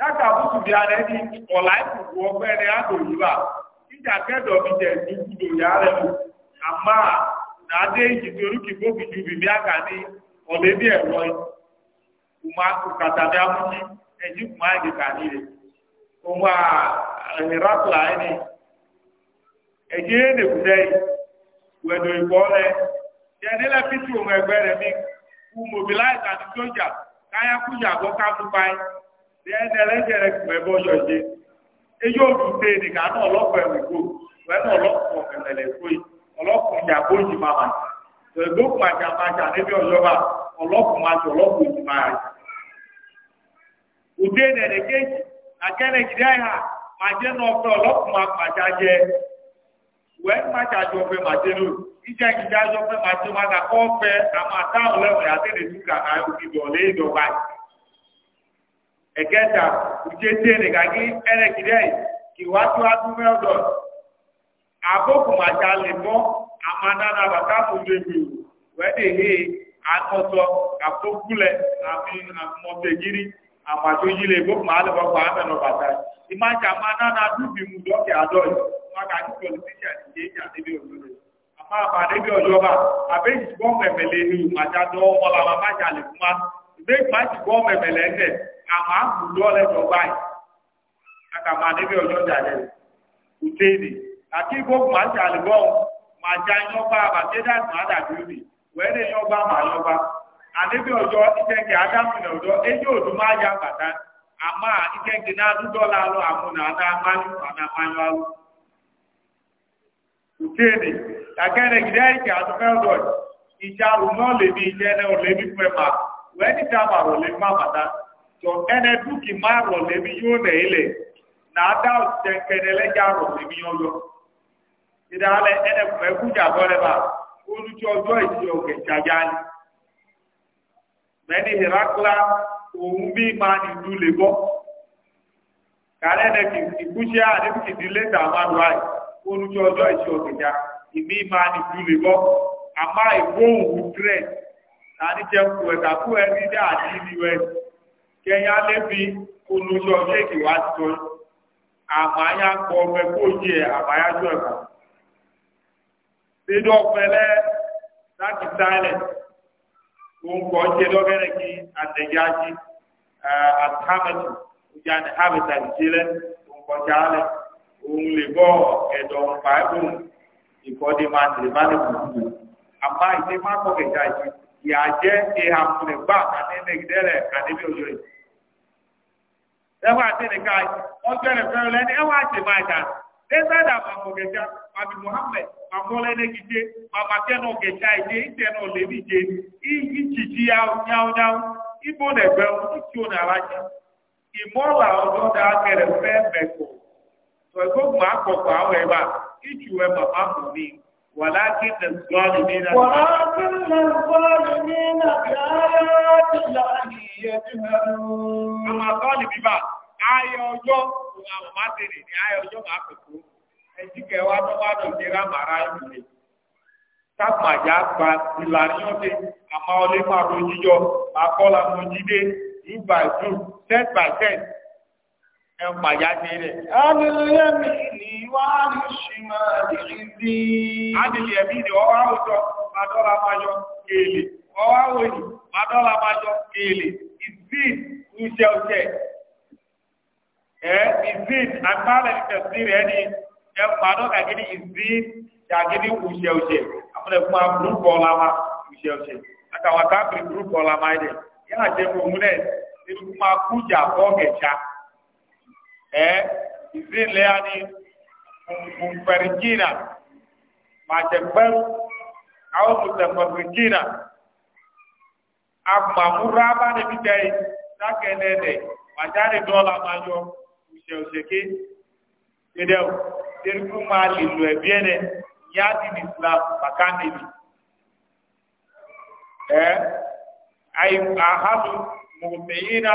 dáka bùtù bí ara ẹni ọ̀la ìkùkù ọgbẹ́ rẹ̀ á yìí bá ìjà kẹ́dọ̀ mi jẹ̀ dúkúdò yà rẹ̀ mú àmà nàdé ìjìdí orúkì gbòógì ju bìbí àgà ní ọ̀lẹ́ bí ẹ̀rọ bí kàní rẹ̀ wẹ̀dọ̀ rẹ̀ òun ẹgbẹ́ rẹ̀ mi kú àti sójà káyà ká tẹ́ẹ̀dẹ̀rẹ́dẹ̀rẹ́ pẹ̀lú ọjọ́ ìṣe eyín òkú tẹ nìkan náà ọlọ́pàá ẹ̀rù ìkó wẹ́n ọlọ́pàá ọ̀fẹ̀lẹ̀ ìkó yìí ọlọ́pàá ìyá kó yìí máa máa tẹ̀gbó màjà màjà níbi ọjọ́ bá ọlọ́pàá máa tẹ ọlọ́pàá yìí máa rẹ̀. òde nẹ̀rẹ̀ kéjì àkẹ́rẹ́ gidi àyà màjẹ́ náà fẹ́ ọlọ́pàá màjà jẹ wẹ́n màjà jọ fẹ́ màjẹ́ lò ìjà ɛkɛta utsete ne gagi ɛlɛkidɛ ki watu adu mɛ ɔdɔ aboku matsa le mɔ amanana baka mudu ebi wɛde he akɔsɔ kapoku lɛ ami mɔpegiri amadzoyi le boku ma alɛ bɔkɔ amɛnɔ bata imatsa amanana dubi mu dɔkɛ adɔ yi maka ti pɔlitisɛ ti dza ne bi olu le ama abade bi ba abe yi bɔ mɛmɛ le ni matsa dɔ mɔla ma matsa le kuma àmọ́ àbùdó ọ̀lẹ́dọ̀ báyìí àkàmà níbi ọjọ́ ìdàlẹ́ ìtẹ́ẹ̀dì àti ìgbókùn máa ń ṣàlùbọ̀ máa já yọba àbàtẹ́dà máa dàbí òbí wẹ́ẹ́dẹ̀ yọba na yọba àníbi ọjọ́ ìkẹ́kẹ́ ádámù ní ọjọ́ ẹjọ́ òdù máa ya bàtà àmọ́ ìkẹ́kẹ́ náà dúdọ́lá àkẹ́rẹ́ àtúfẹ́ tɔ ɛnɛ duki ma rɔ le yóò nɛ yi le n'ada tɛnkɛnɛ lɛ dza rɔ le mi yɔyɔ tida alɛ ɛnɛ kumɛ kudza gbɔ lɛ ba olutsɔ dɔ esi ɔkɛ dzadza li mɛ ni hirakla owu bi ma ni du le bɔ k'alɛ ɛnɛ kutsi ale bi kiti le ta ma do ayi olutsɔ dɔ esi ɔkɛ dza ibi ma ni du le bɔ ama kẹyìn alẹ́bi olùsọ kéèkì wá ti tó àmàyà kọ ọmọ ẹ̀kọ́ òjì ẹ̀ àmàyà tó ẹ̀kọ́ sídọ̀ ọ̀pẹ̀lẹ́ láti sáyẹ̀lẹ̀ òun kọ́ jẹ́ lọ́gẹ́rẹ́ kí àtẹ̀jáde àtàmẹ́tù ìjà ní hàmẹ́tà ìjẹ́lẹ̀ òun kọ́ jẹ́ alẹ́ òun lè bọ́ ẹ̀dọ̀ ọ̀pá ẹ̀kọ́ ìkọ́dé máa tẹ̀lé má lè kùn kù àmà ìdè má kọ́ kẹ̀kẹ́ àìsí ìyà jẹ́ ìhàmùlẹ̀ gbà kàní ẹwà àtẹnìkà wọn tẹrẹ fẹrẹ lẹni ẹwà àtẹmọ àjà lẹsẹdà màmú gẹjà màmí muhammed màmúlẹ nẹgìdé ma nà gẹjà ìdè ìtẹ nà lẹbi ìdè ìyí títí nẹgbẹ ìtí ònà alájà ìmọ̀lá ọjọ́ dà kẹrẹ fẹ́ mẹ́kọ̀ọ́ tọ́ àwọn màmá mí. ولكن الظالمين ولكن الظالمين بآيات الله يجهلون أما الظالم بما آية ọjọ́ àwọn máa tèrè ní ayé ọjọ́ máa pèkó ẹjí kẹwàá tó bá tó nira màrá ìlú sápàjá gba ìlànà ọdẹ àmọ́ ọlẹ́fà lójíjọ àkọ́là lójídé ìgbà ìdú ten by ten ẹ pàjá ti rẹ̀. Adìlẹ́mì ni wá ní ṣìmọ̀ ìrìndí. Adìlẹ́mì ni ọwá òjò, Madọ́lá Majọ, Kèèlè. Ọwá òyìn, Madọ́lá Majọ, Kèèlè. Ìzín, Uṣẹ́ Uṣẹ́. Ẹ ìzín, àgbàlẹ̀ ìtẹ̀sí rẹ̀ ni ẹ pàdọ́ kàkiri ìzín, kàkiri Uṣẹ́ Uṣẹ́. Àmúlẹ̀ fún wa gúrúpù ọ̀la wa, Uṣẹ́ Uṣẹ́. Àtàwọn káàkiri gúrúpù ọ̀la máa dẹ̀. Yáà jẹ́ fún òun náà, ebi kú máa kú jà fọ́ kẹ̀ṣá eh izile yani mumfarijina matembaru au mutafarrijina amma muraba ne bitai sake nene majani dola majo usheusheke edeu derku mali luebiene yadi ni islam makani ni eh ay ahadu mu'minina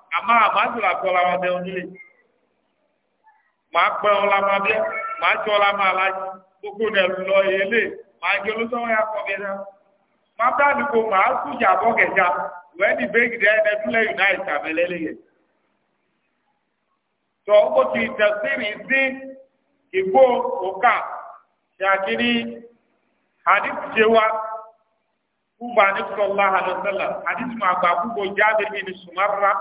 àmọ́ àmàtò làtọ la ma bẹ onílé màá pẹ ọ la ma bẹ màá tsọ la ma la gbogbo nà lọ yẹlé màá jẹ olùsọwọ ya kọ bẹ dá màá bẹ àdìgbò màá sùjà bọ kẹjà wẹni bẹẹgì dẹ ẹnẹ tó lẹ yunai sàmẹlẹ lẹ yẹ tọ o ti tẹsiri di ìgbó òkà ṣàkiri hadith wa kúba ní sọlá àlọsẹlẹ hadith ma gba kúbo jáde bíi ní sumarra.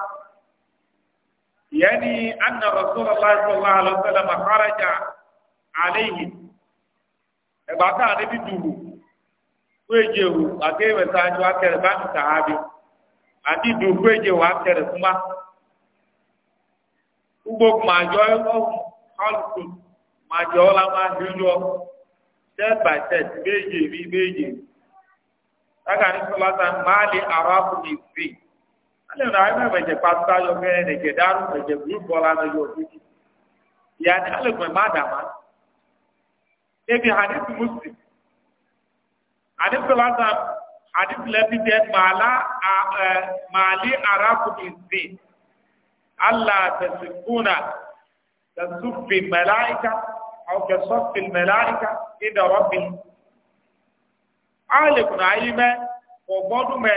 يعني أن رسول الله صلى الله عليه وسلم خرج عليه بعد أن يدوه ويجيه أكيد مساج وأكيد بان صحابي àti ìdùnkú èjè wà tẹrẹ súnmá gbogbo màjọ ọhún ọlùkù màjọ ọlá máa ń yọjọ step by step méje rí méje lákàtúntò látà máa lè àrà kùnì sí i alẹ́ rà ẹgbẹ́ mẹ̀jẹ̀ pátá yọ mẹ́rin mẹ̀jẹ̀ dárú mẹ̀jẹ̀ gúrúùpù ọ̀la náà yọ òkúti ìyá ni alẹ́ gbọ̀n má dà má. ebi hadithu muslim hadithu lasa hadithu lẹbi dẹ màlá e, màlí arákùnrin ìsìn allah tẹsíkúnà tẹsùfì mẹláìka ọkẹ sọfì mẹláìka ìdọrọbì. alẹ́ kùnà ayé mẹ́ ọgbọ́dún mẹ́.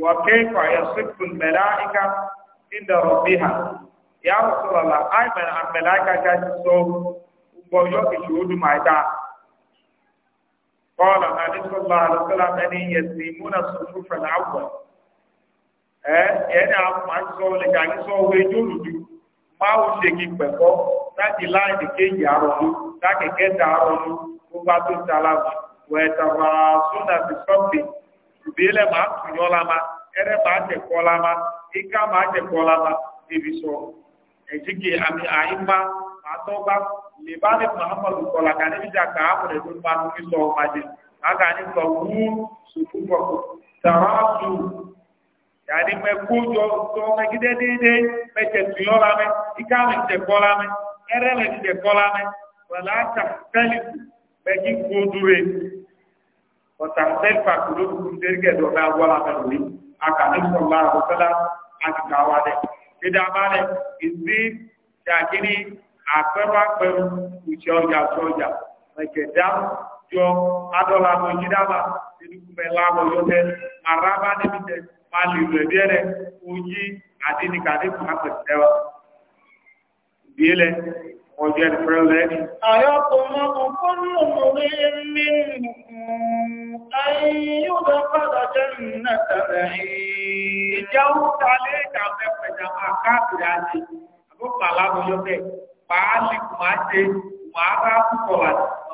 kwa kaifa yasiffu al-mala'ika inda rabbiha ya rasulullah ai man al-mala'ika ka so bo mai da qala na sallallahu alaihi wasallam ani yasimuna sufufa al yana eh, ma le ka ni so ma o se ki pepo láti láìdí kéjì àròlú láti ti tùbí lẹ máa tùyọ́ la ma ẹrẹ máa ebe ma ika máa tẹ ma ebi sọ ẹ̀jìgì àmì anyị mma, ma bá lè bá lè muhammadu kọ́la ká níbi jà ká àpò lè tó máa tó dị. sọ ọmọ anyị sọ wú sùkú bọ̀ tàwọn àtù yàrá mẹ kó jọ tọ́ وتختلف قلوبهم تلك دوما ولا تروي أكن صلى الله عليه وسلم أكاواله إذا بالك إذن شاكيني أكبر بر وشوجا شوجا مكدام جو أدولا مجدما تدوك ملابو يوتي مرابا نبيتي مالي لديره وجي أديني كادي محمد سوا Dile, ọjọ́ ìfẹ́ lẹ́ni. Àyọ́kùnmọ́ ọkùnrin orí mi ayyúdọ̀ padà jẹ́ nàtàrà ìjẹ́ òkúta lé ìdàmẹ́ pẹ̀lú àkáàkiri àti àbúkpàlá mọ́lọ́bẹ̀ pàálì kùmáṣe màárá púpọ̀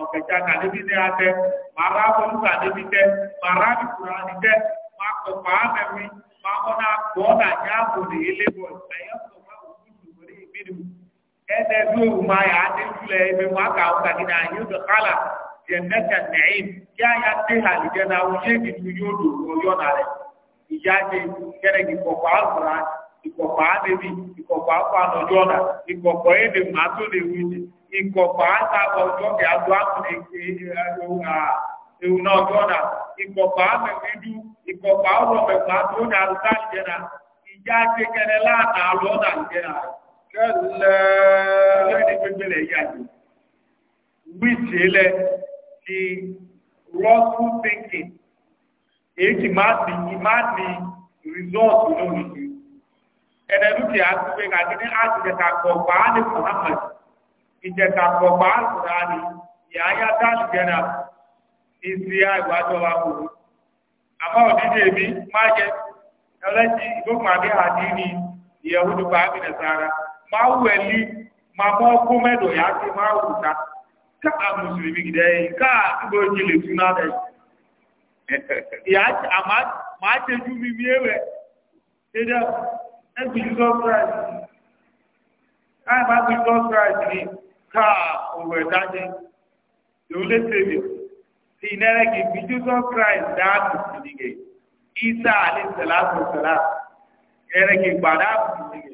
ọ̀fẹ̀já kàdébí ní abẹ́ màárá púpọ̀ àdébí tẹ́ màárá nìkúra nìkẹ́ máa pọ̀ pàámẹ́rin máa mọ́ náà gbọ́ náà ní àbò nìyí lébọ̀ ẹ̀yọ́ sọ̀rọ̀ òkúta lórí ɛnɛ zuwe wuma ya ati zule ebe mu aka awo na yi do kala jɛnɛ ka nɛɛyi kí a ya te ha li jɛna o yé ni tu yóò na rɛ ìyá de kɛnɛ ìkɔkɔ na ìkɔkɔ yɛ de mu ni na kẹ́lẹ́ ẹni gbẹgbẹ̀lẹ̀ yà ní gbìtìlẹ̀ ti rọ́sùn thinking èyí tí máa ní máa ní rìsọ́ọ̀tù lónìí ẹ̀rẹ̀ ìjẹta kọ̀ọ̀pá àtìjẹta ní yàáyá dáàlì jẹ́nà ìsì àgbàjọ wa kò àmọ́ òdíje mi máa jẹ ẹlẹ́sìn ìgbókùn àbí àdínì ìyẹ̀wò dùkọ̀ àbí nẹ̀sára. máa wù ẹ̀lí máa mọ́ kó mẹ́dọ̀ yá sí máa wù ta káà mùsùlùmí gidẹ yìí káà ìgbò ìjìnlẹ̀ tún náà dẹ̀ yìí àmà máa tẹ́jú mi mi ẹ̀wẹ̀ ẹ̀dẹ̀ ẹ̀gbì jesus christ káà máa gbì jesus christ ni káà òwò ẹ̀dájẹ́ yóò lé sèbìọ̀ tí ìnẹ́rẹ́gì gbì jesus christ dáa mùsùlùmí gẹ̀ isa alẹ́ sẹ̀lá sẹ̀lá ẹ̀rẹ́gì gbàdá mùsùlùmí gẹ̀.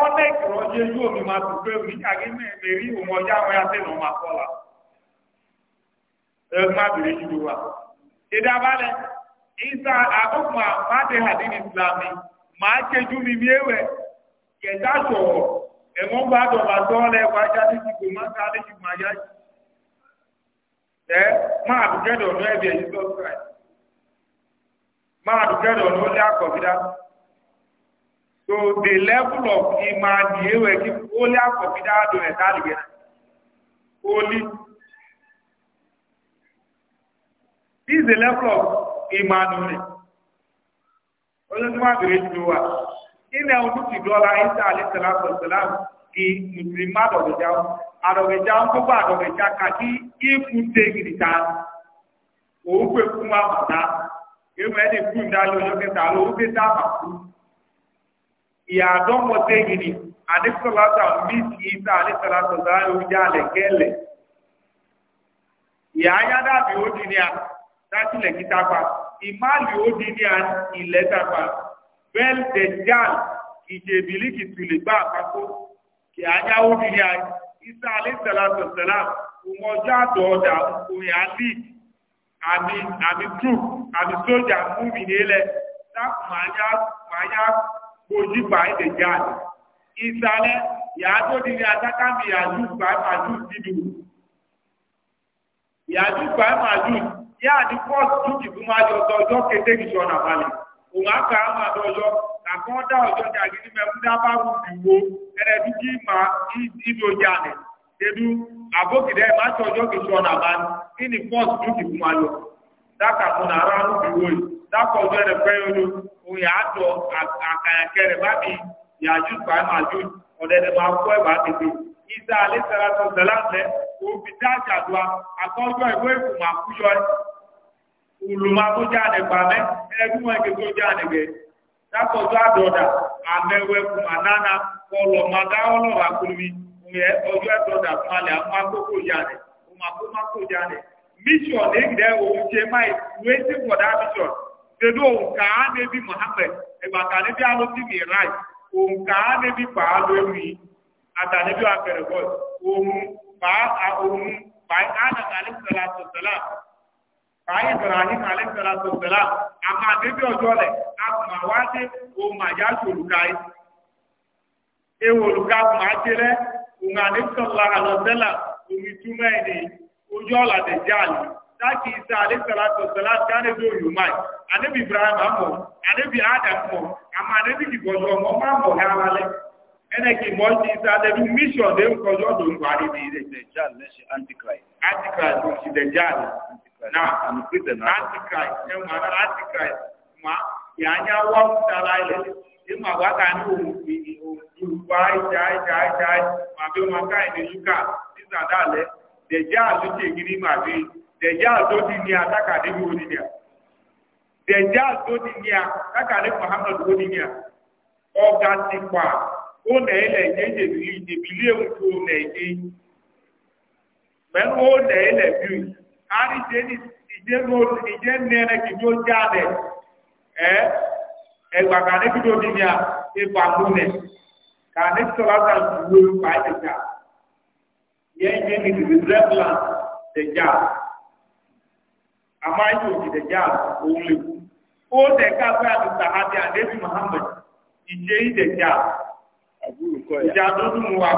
ọdẹ kìrọ jẹ yóò mi máa tó pé mi àgé mẹ́rin rí òun ọjà àwọn yàtẹ náà máa kọ ẹ má bèrè yìí wa ìdábalẹ ìsà àkókò àbáde hadin islami màá kéjú mi mi ewé kẹta sọ̀rọ̀ bá wájà ní má ká yá ẹ máa ẹ̀bí ẹ̀yìn máa ó lé àkọ́bí dá. So the level of iman you were give only a consider to retaliate. Only. This is the level of iman only. Only one great doer. In the Unuki dollar, Isa alayhi salatu wasalam, ki Muslimah dọ̀gbẹ̀jáwó. Àdọ̀gbẹ̀jáwó tó bá àdọ̀gbẹ̀já kàkí ìkú tẹ́gì nìta. Òun pè fún wa màtá. Èmi ẹni kú ìdálé ọjọ́ kẹta ló ń gbé dáàbà fún ya don wata gini a duk salata misi isa a duk salata za a yi wuja lekele ya ya da bi o dini a ta ti le kita pa imali o dini a ile bel de jal ije bili ki tule gba àpapọ̀ ki o dini a isa a duk salata salam umo ja do da o ya li àmì àmì troop àmì soja mumi ni ele ta kuma ya ojú gbà ń lè já ní. ìsàlẹ̀ yàá tó di ní atákàmì yàjú gbà màjú dídú. yàjú gbà màjú yá ní fọ́ọ̀sì dúkì fún máa yọ ọ̀tọ̀ ọjọ́ kété kìí ṣọ̀nà balẹ̀. òun á kà á máa lọ yọ kàkọ́ dá ọjọ́ jàgé ní mẹ́kúndá bá wù ìwo ẹ̀rẹ́ dúkì máa ìdò já ní. dedu àbókìdẹ́ má ṣọjọ́ kìí ṣọ̀nà balẹ̀ kí ni fọ́ọ̀sì dúkì fún máa yọ. dákà fún àrà ń fi wọ́ yìí. dákọ̀ọ́jọ́ rẹ̀ pẹ́ olú òun yà á tọ àkàyàkẹ́ rẹ̀ bábí yàjú pàmàjú ọ̀dẹ̀dẹ̀ máa kọ́ ẹ̀bà tètè isa alẹ́sẹ̀rẹ́ tó sẹ́lá òun fi dá àjàdùá àkọ́jọ́ ìwé ìkùnmọ̀ àkúyọ ẹ̀ olùmọ̀ tó àdẹ̀gbà mẹ́ ẹgbẹ́ tó àdẹ̀gbẹ́ àdọ̀dà mission tẹ̀lé òǹkà ánẹ́bí Muhammad ẹgbàtà níbi alójú mi ráì òǹkà ánẹ́bí pàá lórí àtànẹ́bí abẹ̀rẹ̀ bọ́ òun pàá òun pàá ánàkà alẹ́sẹ̀lá sọ̀tẹ̀lá pàá ìtọ̀rọ̀ àyíká alẹ́sẹ̀lá sọ̀tẹ̀lá àmà àdébí ọjọ́ rẹ̀ àkùnmà wá dé òun àyá sòlùkà taki isa alayhi salatu wasalam kane do yumai anabi ibrahim amọ anabi adam mọ ama anabi kikọjọ ọmọ ọmọ amọ ha wale ẹnna kì í mọ ti isa dẹbi mission de nkọjọ do nkọ adi bi de. dajal ne se antichrist. antichrist o si dajal na antichrist ẹ mọ ana antichrist ma yanya wa kusala ilẹ ẹ ma wa ka ni ohun yorùbá ìjà ìjà ìjà ma bí wọn ká ẹni yúkà sísàdá lẹ dajal ti ègiri ma Dajjal zo duniya ta ka da biyu duniya. Dajjal zo duniya ta ka da Muhammad zo duniya. Ọ̀gá ti pa ó nà ẹ́ lẹ̀ yé dèbìlì dèbìlì ewu tó nà ẹ́ yé. Pẹ̀lú ó nà ẹ́ lẹ̀ bí o. Ari ṣe ni ìjẹ́ ló ìjẹ́ nẹ́rẹ́ kì yóò já lẹ̀. Ẹ ẹgbà kà ní bídò duniya ìfà múnẹ̀. Kà ní sọ̀rọ̀ àtàkùn wo ìfà ìjà. Yẹ́n yé ni the reserve land Dajjal. àmọ́ ayé òjìdẹ̀já òun lè kú ó tẹ̀ káfẹ́ àtúntà àti àdébí Muhammad ìṣe ìdẹ̀já ìjà tó dùn wa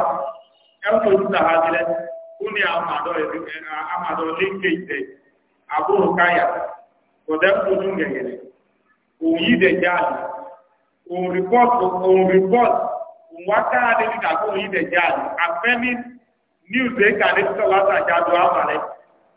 ẹ̀kọ́ òjìdà àdílẹ̀ ó ní àmàdọ̀ léńkè ìtẹ̀ àbúrò káyà kọ̀dẹ́ fojú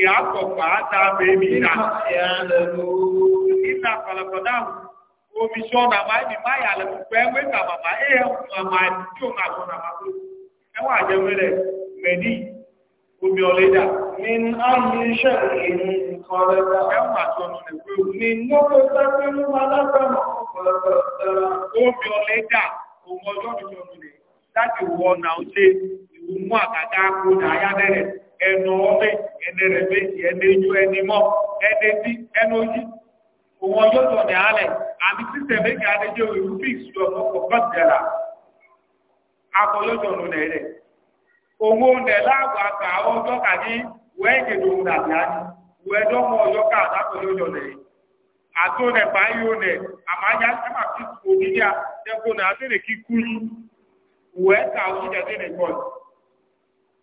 ìhà kọ̀pá dáàbẹ̀ mi ìdá. Ìdá pàlàpàdà omi sọ́nà máa ní máyà pẹ́ wẹ́ta màmá màmá tí ó máa sọ̀nà máa tó. Ẹ wà jẹ́ mẹ́rẹ̀ mẹ́dí omi ọ̀lẹ́dà. Min áyí iṣẹ́ ìrìn ìkọlẹ́dà. Ẹ wà sọ̀nà lẹ́gbẹ́ òun. Min mọ́kọ́ sáfẹ́ mú alágbàmọ̀ ọ̀pọ̀lọpọ̀ ọ̀tẹ́ra. Omi ọ̀lẹ́dà òun ọjọ́ ìjọ ẹnu ọmẹ ẹni rẹbẹsì ẹni ju mọ ẹni ti ẹni ojú òun ọjọ́ tó ní alẹ̀ àti ala. méjì adéjọ́ ìlú bí ìṣújọ ọkọ̀ kọ́sìtẹ̀là akọ̀yọ́ tó nù nẹ̀ rẹ̀ òun ò láàbù àgbà kàdí dàbí ká báyìí fi òdìdí à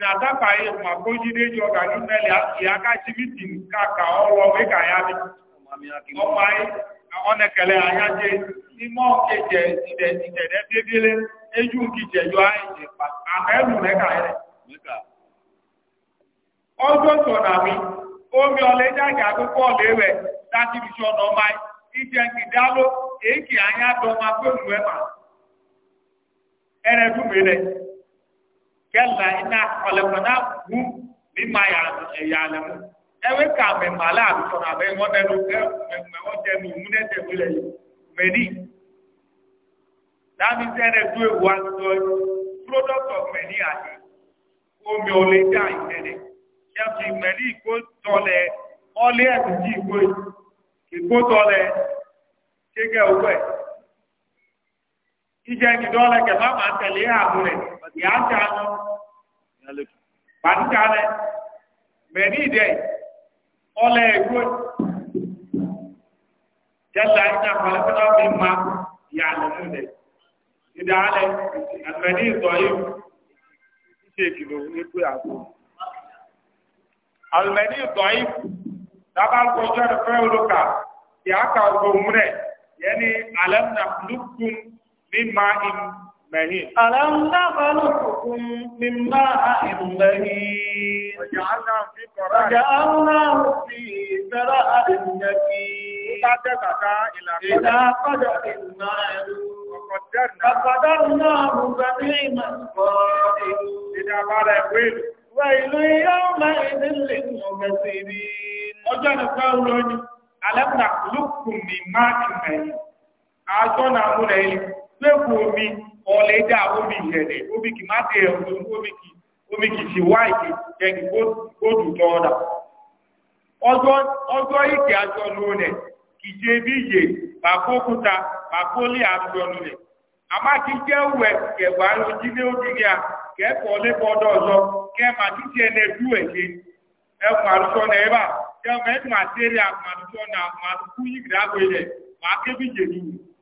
na-adakpaghị maka ojide ji ọgara mmeli ya aka chibiti nka ka ọ ka ya dị ọmaghị ka ọ na-ekele anya je n'ime ọkeje idede bebile eju nkije jụ anyị ji kpa ama emure ya ọjọ so na mi omi ọla ga akụkọ ọla ewe tatibisọ na ije dalụ eke anya dọma ma kẹ́lá iná ọ̀lẹ́kọ̀ọ́nà wú mímọ ìyàlẹ́mú ẹ̀wé kà mẹ́mà láàbí sọ̀rọ̀ àbẹ́ wọ́n dẹnu mẹ́wọ́n dẹnu múnẹ́tẹ̀ wílẹ̀ yìí mẹ́ni. dábì sẹ́rẹ̀ dú ewu àtúntò product of mẹ́ni àti omi ọ̀lẹ́ dá ìtẹ̀lẹ̀ ṣẹ́fì mẹ́ni ìkó tọ́lẹ̀ ọ̀lẹ́ ẹ̀dùn jí ìkó ìkó tọ́lẹ̀ ṣẹ́gẹ́ owó ẹ̀ ìjẹ ìdíjọ́ lẹ kẹfà máa tẹ̀lé àbò rẹ̀ ìyá àjà lọ pàtìkà lẹ mẹ̀rí ìdẹ ọlẹ ẹgbẹ jẹlẹ ayíjà pàlẹ́pẹ́lẹ́ mi ma ìyá àlọ́mú dẹ ìdá alẹ àmẹ́rí ìtọ́ yìí ṣe ìkìlọ̀ ẹgbẹ àbò àlùmẹ́rí ìtọ́ yìí dábàá kọjá ẹ̀fẹ́ olùkà ìyá àkà ògbóhùn rẹ̀ yẹni alẹ́ nà lùkùn mímá ìmẹ̀hìn. Àlàmúlá balùkùn mímá ìmẹ̀hìn. Ọjà Allah fi kọ̀rọ̀ àjẹ́. Ọjà Allah fi tẹ́rà àdìmọ̀kì. Ìta tẹ́ kàkà ìlàkọ̀dà. Ìta kọ̀dà ìlànà ẹ̀rù. Ọ̀kọ̀dà náà mú gbàdé ìmọ̀ ìkọ̀ọ̀dì. Ìdàbára ẹ̀wé ìlú. Wà ìlú yóò máa ìdílé mọ̀gẹ́sìrì. Ọjọ́ nìkan lónìí, fẹ́ẹ̀kù omi ọ̀lẹ́ dá omi ìṣẹ̀lẹ̀ omi kì má ti ẹ̀rù omi kì sí wáìkì jẹ́kì kóòtù tọ́ ọ̀dà ọjọ́ ìkè àjọlù rẹ̀ kì í ṣe bí ìyè bàkókúta àjọlù rẹ̀ àmá kì í jẹ́ kẹwàá ní à kẹ́kọ̀ọ́ ẹni ẹ̀ ṣe ẹkùn ẹ̀dùn àtẹ́rẹ́ àkùn àkùn yìí rẹ̀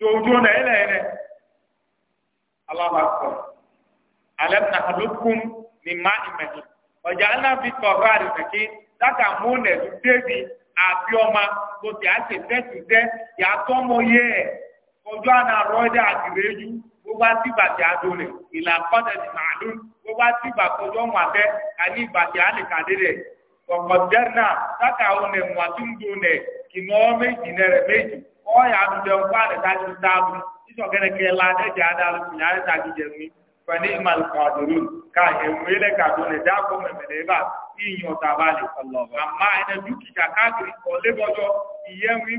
jojo na ina ina Allahu akbar alam nahlukum min ma'in mahin wa ja'alna fi qararin makin taka mune dubi abioma to ti ase tetu de ya to mo ye ojo ana roide gbogbo ati bàtì adole ìlà kọ́tà ti màálù gbogbo ati bàtọjọ́ wọn abẹ àní bàtì àlìkàdé ọ̀ya àdùdẹ̀ ọ̀pá rẹ̀ dájú dáàbò ìṣọ̀kẹ́rẹ́ kẹ́ la ẹ̀jẹ̀ adáàlú fi yàrá ìtàgé jẹ̀ mí pẹ̀lú ìmàlùkọ̀ àdùrù ká ẹ̀wọ̀n ilẹ̀ kàdó lẹ̀ dáàbò mẹ̀mẹ̀lẹ̀ bá ìyìn ọ̀tá bá lè àmà ẹ̀nẹ́ dúkìá káàkiri ìgbà yọ di yọ fi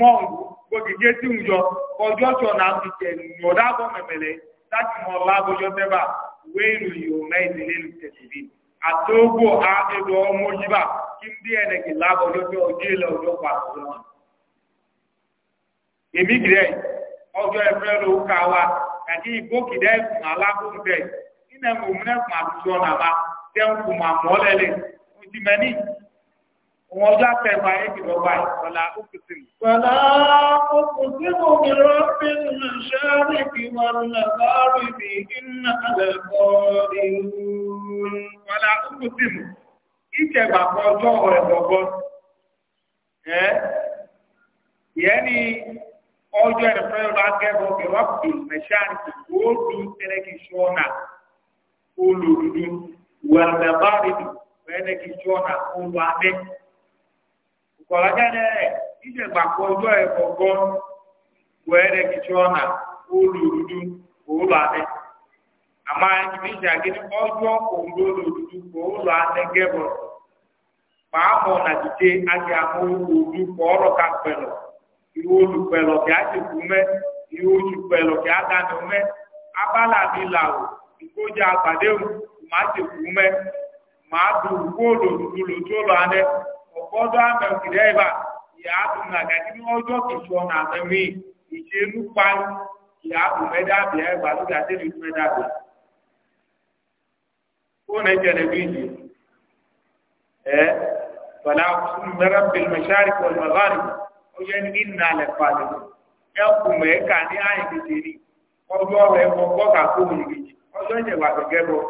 láti wéèrè ìdílé àtòógbò àgbègbè ọmọ yíba kí n bí ẹnẹgì lábọ lójú ọdí ilẹ ọjọ pàtó náà èmi gírẹ ọjọ ẹfẹ ló ká wa kàdí ìbò kìdẹ ẹkùn alákùn bẹ nínú ẹmọ òmìnira ẹkùn àtúntò ọ̀nà bá tẹ̀kù mà mọ́lẹ́lẹ̀ ojú mẹ́ni wọn ọjọ́ àtẹ̀wá ẹ̀kì lọ́wọ́ àyè ọ̀la òkùsìn. pẹ̀lá òkùsìn mo ní rọ́bì wàlá ọkùnrin ìjẹ̀bà ọjọ́ ẹ̀dọ̀gbọ́ ẹ́ ìyẹn ni ọjọ́ ẹ̀dọ̀fẹ́ bá gẹ́gọ́ kẹwàá pè mẹ́ṣáàrì kòóòdù tẹ́lẹ̀kì ṣọ́nà olùdúdú wẹ̀lẹ̀bárìdù tẹ́lẹ̀kì ṣọ́nà olùwàdẹ́ kọ̀lájáde ìjẹ̀bà ọjọ́ ẹ̀dọ̀gbọ́ wẹ̀lẹ̀kì ṣọ́nà olùdúdú olùwàdẹ́. ama imeji agịnị ọjọọ owuwe n'odudu ka ụlọ anegebo ma amụ na dide adị ahụ odu ka ọrụ ka kpelọ iwe olu kpelọ ka adịkwu ume iwe oju kpelọ ka ume abala nila o ikoji agbadewu ma adịkwu ume ma adụ ugwo n'odudu adụ na gagịnị ọjọọ kechụọ na كون جنبيجي إيه فلا أقسم برب المشارق والمغارب وجن إنا لقادرون يقوم يكاني آي بجيري ọjọ́ rẹ̀ mọ gbọ́kà kó mi ìgbèjì ọjọ́ ìjẹ̀wà tó gẹ́bọ̀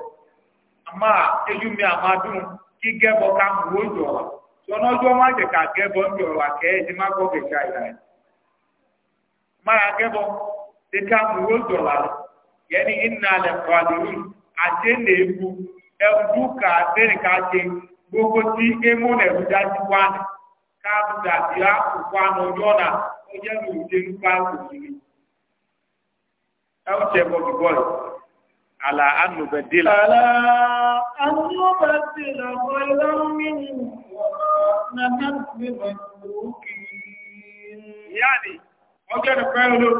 àmà ejú mi àmà dùn kí gẹ́bọ̀ ká mú owó jọ wa sọ̀nà ọjọ́ má jẹ̀ ká gẹ́bọ̀ ń jọ wa kẹ́ ẹ̀ ti má gbọ́ kẹ̀kẹ́ àyà rẹ̀ mára gẹ́bọ̀ ti ká mú owó jọ wa yẹni ìnà lẹ̀ kọ́ àdéhùn àti ẹ̀ ẹ̀rù kà sẹ́nì ká ṣe gbogbo tí émú lẹ̀rú dájú wá ní káàdù dàbí àkókò àná ọjọ́ náà ó jẹ́ mi ò dé nípa òṣèlú. ẹ̀rù tẹ̀ bọ̀ bíbọ̀ rẹ̀ àlà ànúbẹ̀dẹ́là. àlà ànúbẹ̀dẹ́là kọ́ ẹ̀rọ mímú nàkà bí màkúrúkì. ìyá ni ọjọ́ ìfẹ́ ló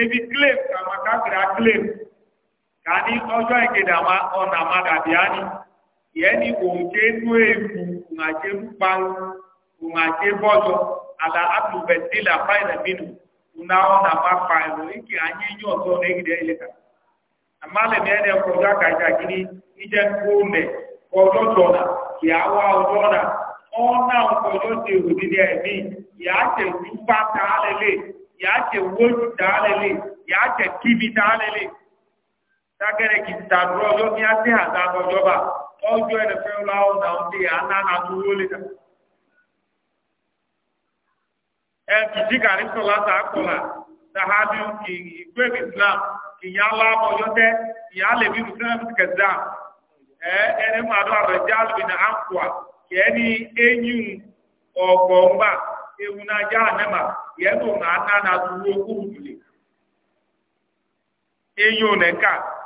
ebi claim kàmákàkiri á claim kàní ọjọ́ ìkéde ọ̀nà àmàdàbí áni yẹni òǹjẹ nú èkú òǹàjẹ rúpa òǹàjẹ bọ́jọ àlà àtúbẹ̀tìlà fáìlẹ̀ mínú ònà ọ̀nà àmàfà ẹ̀rọ ìkè anyé yín ọ̀tọ̀ n'egide ìlẹ̀ka àmàlẹ̀mí ẹni ọkọ̀jọ́ àkàjà kìíní ìjẹ́ kúlẹ̀ ọjọ́ jọ̀nà kì á wá ọjọ́ ọ̀nà ọ̀nà ọkọ̀jọ́ ti òdì ní ẹ̀mí yàá tẹ̀ rúpa tààlẹ̀ lé yàá tẹ̀ wọ́jú takẹ́rẹ́ kì í ta ọjọ́ kí á sí àgbà ọjọ́ba ọjọ́ ẹ̀rẹ̀ fẹ́ àwọn náà ti ànáná tó wọlé ká. ẹ kàrí sọlá tà kọlà sàhábì islam kì í ọjọ́ kì islam kẹta ẹni máa dọ́ àlùbínà kì í ní eyín ewu tó tó kúrú jùlẹ̀ eyín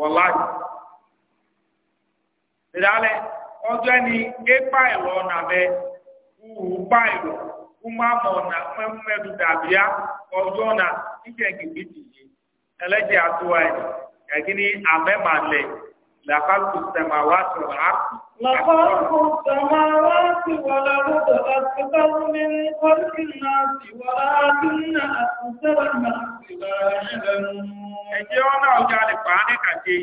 wọláì ìdálẹ ọjọ ẹni épa ìlọ nàbẹ kúrú pa ìlọ kú má mọ ọ̀nà mẹ́mẹ́dù dàbíà ọjọ ọ̀nà níjẹ̀ǹkì bìtì yìí ẹlẹ́jẹ̀ àtúwà ẹ̀ ẹ̀kíní àmẹ́màlẹ̀ لخلق السماوات والأرض لخلق السماوات والأرض أكبر من خلق الناس ولكن أكثر الناس لا يعلمون ẹjẹ wọn náà jalè pàánì kàjé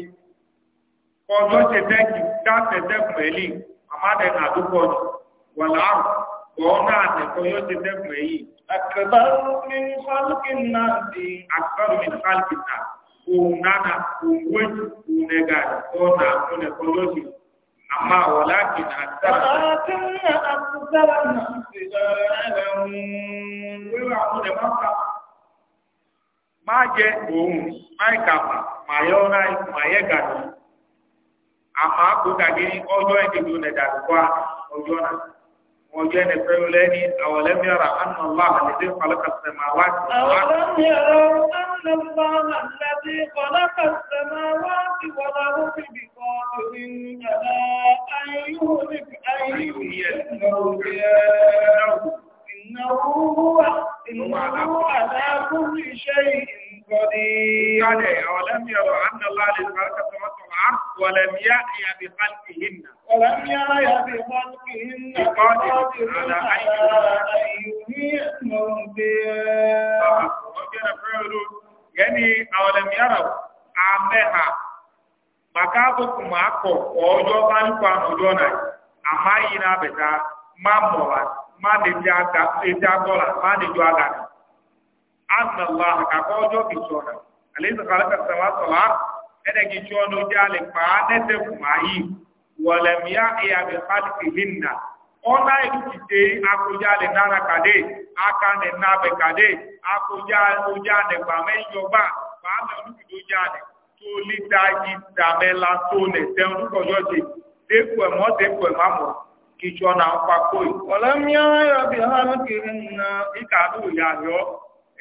kọjọ ṣe tẹkì dáṣẹ tẹkùn ẹlì àmàdé nàdúgbò jù wọn làárù wọn náà tẹkọ yóò ṣe tẹkùn ẹyì. أكبر من خلق الناس أكبر من خلق الناس kuungana kuungwetu kuunegani kona kune kolosi amma walakin akthara máa jẹ òun máa kàmà máa yọ ọ́nà máa yẹ gàdú àmọ́ àkókò àgbẹ̀ni ọjọ́ ẹ̀dínlónẹ̀dàdúgbà ọjọ́ náà. وجاء الفيولاني أولم يرى أن الله الذي خلق السماوات أولم يرى أن الله الذي خلق السماوات والأرض بقادر على أن يهلك أن يهلك إنه هو إنه على كل شيء قدير ولم يروا أن الله للملكة سمت العرض ولم يأي بخلقهن ولم يأي بخلقهن قادر على أن يحييكم وكان فعل يعني أولم يروا أمها makaboku mako ọjọ kálukú àmójọ náà àmáyí náà bẹta má mọ wa má lè fi àgọlà má lè jọ àgàdì asna allah ka ko jo bi chona alayhi khalaqa samawati wal ard ene gi chono jale pa ne te kumai wa lam yaqiya bi khalqihinna ona ikite akujale nara kade aka ne nabe kade akuja ujane pa me yoba pa me oluki do jane to lita ji tamela to ne te uko joje de ku e mo de ku e mamo ki chona pa koi olamya ya bi halqihinna ikadu ya yo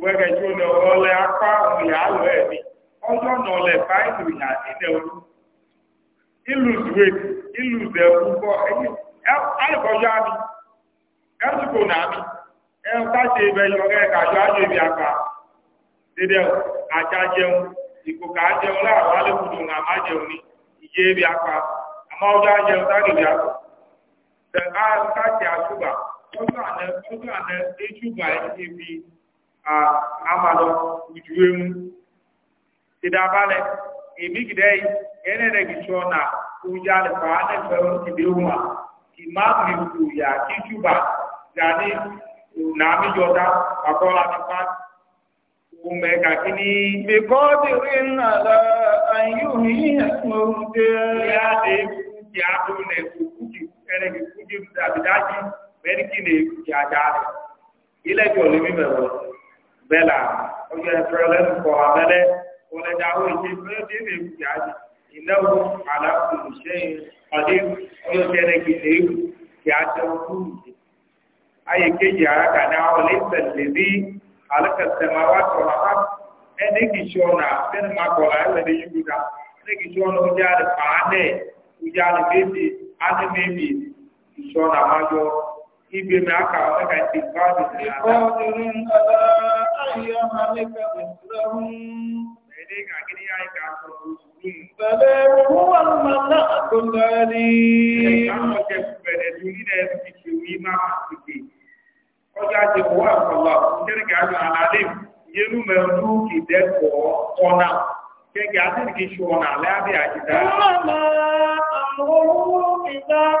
wẹ́rẹ́ tí ó lọ ọlẹ́ apá òun ìyá lọ ẹ̀mí ọjọ́ náà lẹ̀ fáìlì ìyá nílẹ̀ olú ìlú ìwé ìlú ìdẹ̀kú bọ́ ẹ̀yìn alùpọ̀jọ́ àmì ẹ̀sùkò nàmì ẹ̀rù káṣe ibẹ̀ yọ àjọ ibi dédé àjà jẹun ìkò kà á jẹun láàrọ̀ alẹ́kùnrin òun àmà jẹun ibi àmọ́ ọjọ́ àjẹun káṣe àtúbà àná àná amalo ujuemu tidabale emigidei ndị na udza le fa anɛfɛ idewuma imami uya kitsuba nami yɔda akɔla nipa umɛ kakini. bikɔdiri nala ayuhi ɛfɔwute. ya de ya do ne kuki ɛnɛgi kuki mi bẹ́ẹ̀la ọjọ́ ẹ̀fẹ́ ọlẹ́nukọ̀ abẹ́lẹ́ ọlẹ́dà àwọn èdè fẹ́ẹ́dé lè fi àjì ìnáwó àlàkùn ìṣẹ́yìn ọdẹ ọjọ́ tẹ́lẹ̀ gèdè ewu kí a tẹ ọdún ìdè. ayé kejì arákàdá ọlẹ́ ìfẹ̀lẹ̀ bí alẹ́kẹsẹ̀ máa wá tọ̀lá wá ẹni kì í ṣe ọ̀nà bẹ́ẹ̀ni máa kọ̀lá ẹlẹ́dẹ̀ yìí gbúdá ẹni kì í ṣe ọ̀nà ojú àlè pàánẹ̀ ojú àlè bébì ibi mi aka ẹka ti bá mi sí àná. Ìkọ́ni ńlá ayé Màlíkà ìṣòro. Ẹ̀dẹ́ ìgbà kí ni ayé ká sọ Bẹ̀rẹ̀ wọ́n wà lọ́nà àkọlọ́ ni. Ìyáwó jẹ bẹ̀rẹ̀ ní ilẹ̀ ìṣe mi máa tètè. Ọjà ti wọ́n àkọlọ́ kẹ́rìkì àjọ àlàlẹ́ yẹnu mẹ́rù kìdẹ́kọ̀ ọ̀nà kẹ́kẹ́ àti kìí ṣọ̀nà lábẹ́ àjìdá. Wọ́n máa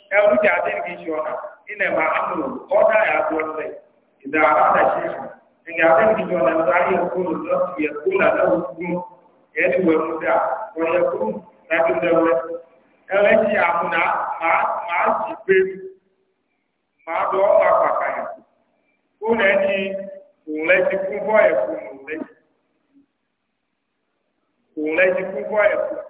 ẹwùjẹ adéǹkì ìṣọ̀nà ilẹ̀ màánù ọ̀dà àdúrà ìdá àbádà ṣẹ́ṣù ẹ̀yà adéǹkì ìṣọ̀nà sáré ẹ̀kọ́lù lọ́sù ẹ̀kọ́lù àdáwò gbọ́n ẹ̀ẹ́dì wẹ̀mú dà ọ̀yẹ̀kú láti dẹ̀wẹ̀ ẹlẹ́tì àmúná màá sì gbèrú màá dọ̀ ọ́ máa pàkàyà ó lẹ́ni òun òun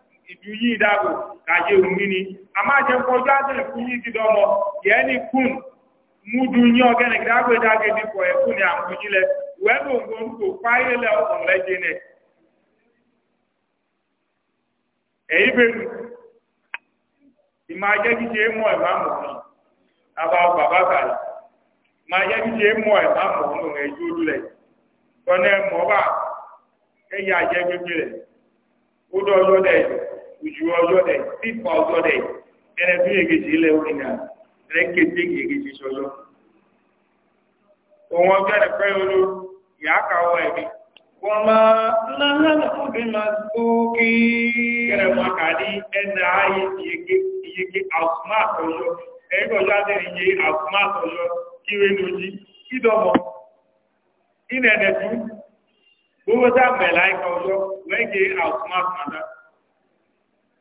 ìjú yìí dáàbò kàjé òmí ni a máa jẹ kọjú àtẹlẹ fún yìí dídọ ọmọ yẹn ni kún múdu yín ọgẹnì dáàbò dáàbò dìpọ ẹkún ni àmójú lẹ wẹẹbù ògbóǹkò fáyé lẹ ọkàn lẹjẹ nẹ. èyí bẹ̀rù ìmọ̀ ajẹ́ jíjẹ mọ́ ẹ̀ máa mọ̀ ní àbá bàbá kàlẹ́ ìmọ̀ ajẹ́ jíjẹ mọ́ ẹ̀ máa mọ̀ ní òun ẹ̀jú olú lẹ̀ tọ́nà ẹ̀ mọ́ bá ẹ̀yà ajẹ́ gbégbé rẹ̀ ó dọ́ ọjọ́ dẹ̀ ojú ọjọ́ dẹ̀ pípa ọjọ́ dẹ̀ ẹrẹ bí ègèjì ilẹ̀ orin náà rẹ kété ègèjì sọjọ́. òun ọjọ́ rẹ̀ pẹ́ olú ìyá kàwọ́ ẹ̀mí. wọ́n máa láhánà fúnbi máa tó kí. kẹrẹ wọn kà ní ẹnà ayé ìyege ìyege àfúmàt ọjọ́ ẹ̀yìn ọjọ́ àtẹ̀yìn yé àfúmàt ọjọ́ kíwé lójú kídọ̀mọ́ ìnẹ̀ẹ̀dẹ̀dú gbogbo sáà mẹ̀láìka ọjọ́ wẹ́ẹ̀kẹ́ àfúmàt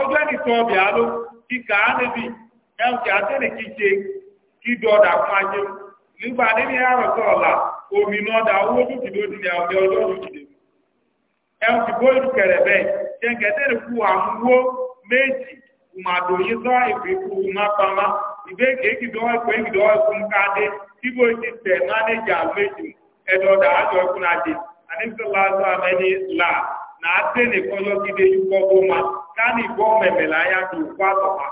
ọjọ́ nìkan ọbẹ̀ alo kíkà ánẹ́bí na àtẹnìkíje kí dọ̀dà fún ajé nígbà nínú ẹ̀rọ ọ̀la omi náà da owó dúkìdó nílẹ̀ ọ̀dẹ́ ọjọ́ dúkìdó ẹ̀ǹkì bóyú bẹ́ẹ̀ kú méjì sọ kú ìgbé kéèkì dọ́wọ́ ìpè káde ti tẹ̀ mánéjà méjì ẹ̀dọ̀dà àjọ àmẹ́ni là tẹ̀lé kíde yúkọ́ bó máa. kani gbọ́ mẹ̀mẹ̀lá ya tó fà sọ̀mà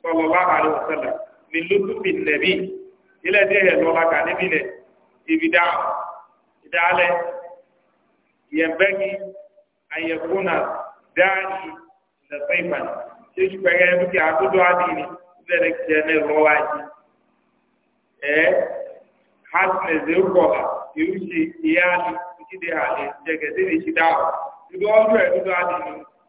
sọlọ́lá àlọ́ sẹ́lẹ̀ ní lótùbí nẹ̀bí ilẹ̀ tí yẹ lọ́la kà níbi nẹ̀ ibi dá ìdá alẹ́ yẹn bẹ́gi ayẹ̀kúnà dáàni lẹ́sẹ̀ ìfàn ṣé ìṣùpẹ̀kẹ́ ẹni tí a tó dọ́ adìyẹ bẹ̀rẹ̀ kìí ẹ̀ ní lọ́la yìí ẹ̀ hàtìlẹ̀sẹ̀ kọ̀ irú ṣe ìyá ni títí dé àlẹ́ lè ṣe dáhùn ìdúró ọdún ẹ̀ dúdú adìyẹ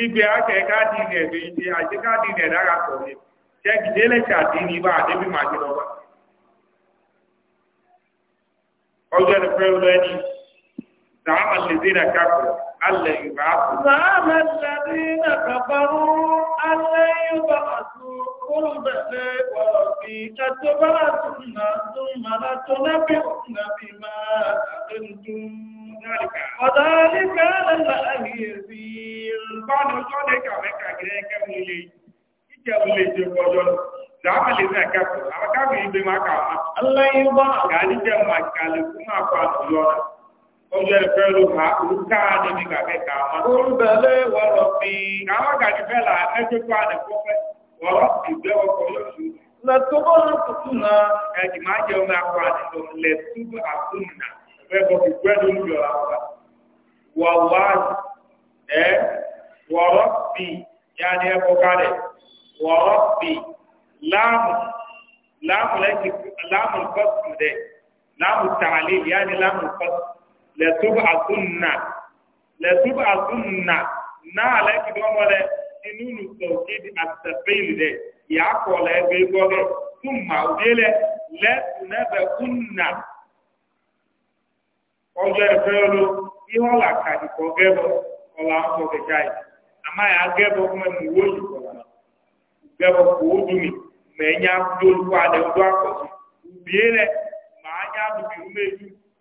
igbe aka káàdì ilẹ̀ èdè ìṣe àti káàdì ilẹ̀ dára pọ̀ ní ṣẹ́gidé lẹ́kà dì ní ibà àdébí màá jẹ lọ́wọ́. ọjọ́ ìfẹ́ lọ ẹni ألا يبعثوا زعم الذين كفروا ألا يبعثوا قل بلى وربي لتبعثن ثم لتنبئن بما أقلتم وذلك على الله يسير بعد ذلك عليك أجريك مولي ìjẹ̀wòlè jẹ́ ọjọ́ dáàmàlè náà kẹ́kọ̀ọ́ àwọn káàkiri ìgbé máa kà á. aláyé wá àgbà níjẹ̀ máa kàlẹ̀ fún àpá àtúnyọ́ra ọjọ́ ìfẹ́ ló ha òrùka ni mi gà fẹ́ kà wọn. olùbẹ̀lẹ̀ wọ̀rọ̀ fi àwọn gàdí fẹ́ là ẹjọ́ tó àná kó fẹ́ wọ̀rọ̀ ìgbẹ́ ọkọ̀ yọ̀ lẹ́tọ́bọ̀ náà tuntun náà ẹ̀jì máa jẹ́ omi akọ àdìsọ lẹ́tọ́bọ̀ àkúnnà fẹ́ bọ́ fi ló ń yọ àwọn. wàwá ẹ wọ̀rọ̀ fi yáni ẹ kọ́ kálẹ̀ wọ̀rọ̀ fi láàmù láàmù lẹ́yìn láàmù kọ́sùn. lẹtúbàtúnà lẹtúbàtúnà náà lẹkìdọmọ lẹ inú nu sọkìdì àtẹfẹyìlì dẹ yà á kọ lẹ gbé gbọgẹ tún mà òbílẹ lẹtùnẹbẹkúnà ọjọ ẹfẹ ló ihe ọlà kàdìkọ gẹbọ ọlà ńkọ kẹkẹ yìí àmà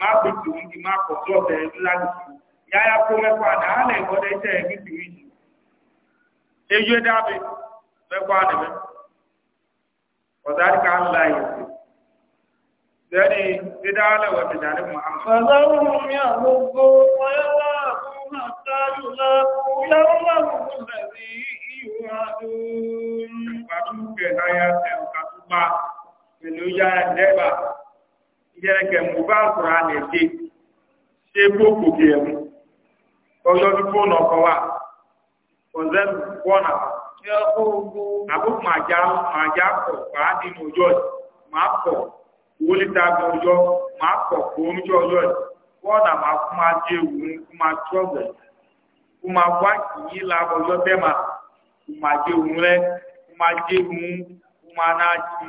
má pè tù ń pọ̀ tó ọ̀bẹ láti yáyá kó mẹ́kọ́ àdá á iṣẹ́ ẹ̀ ní tìrì yìí. eyi ó dábì mẹ́kọ́ àdìmẹ́ ọ̀dáríkà ń la ìyẹ̀sì. Sẹ́ni dídá lẹ̀wọ̀ ti dàrí Mùhàmmad. Fọlọ́run mi àgbogbo ọyọ́wọ́ àbúrò àtàlù lápò yàrá àbúrò lẹ́sìn ìwà àdúrà. Ìgbà yẹrẹkẹ mú bá sọ̀rọ̀ àná ẹ̀dẹ́ ṣé gbogbo kì í mú ọjọ́ bí fóònù ọkọ̀ wa ọ̀zẹ́nu wọ́nà àbúkù máa já máa já pọ̀ pàá nínú ọjọ́ yìí máa pọ̀ owó lítà ní ọjọ́ máa pọ̀ òun jọ ọjọ́ yìí wọ́nà máa kú máa jẹ òun kú máa tọ́gbẹ̀ kú máa wá kìí la ọjọ́ bẹ́ẹ̀ máa kú máa jẹ òun rẹ kú máa jẹ òun kú máa náà jẹ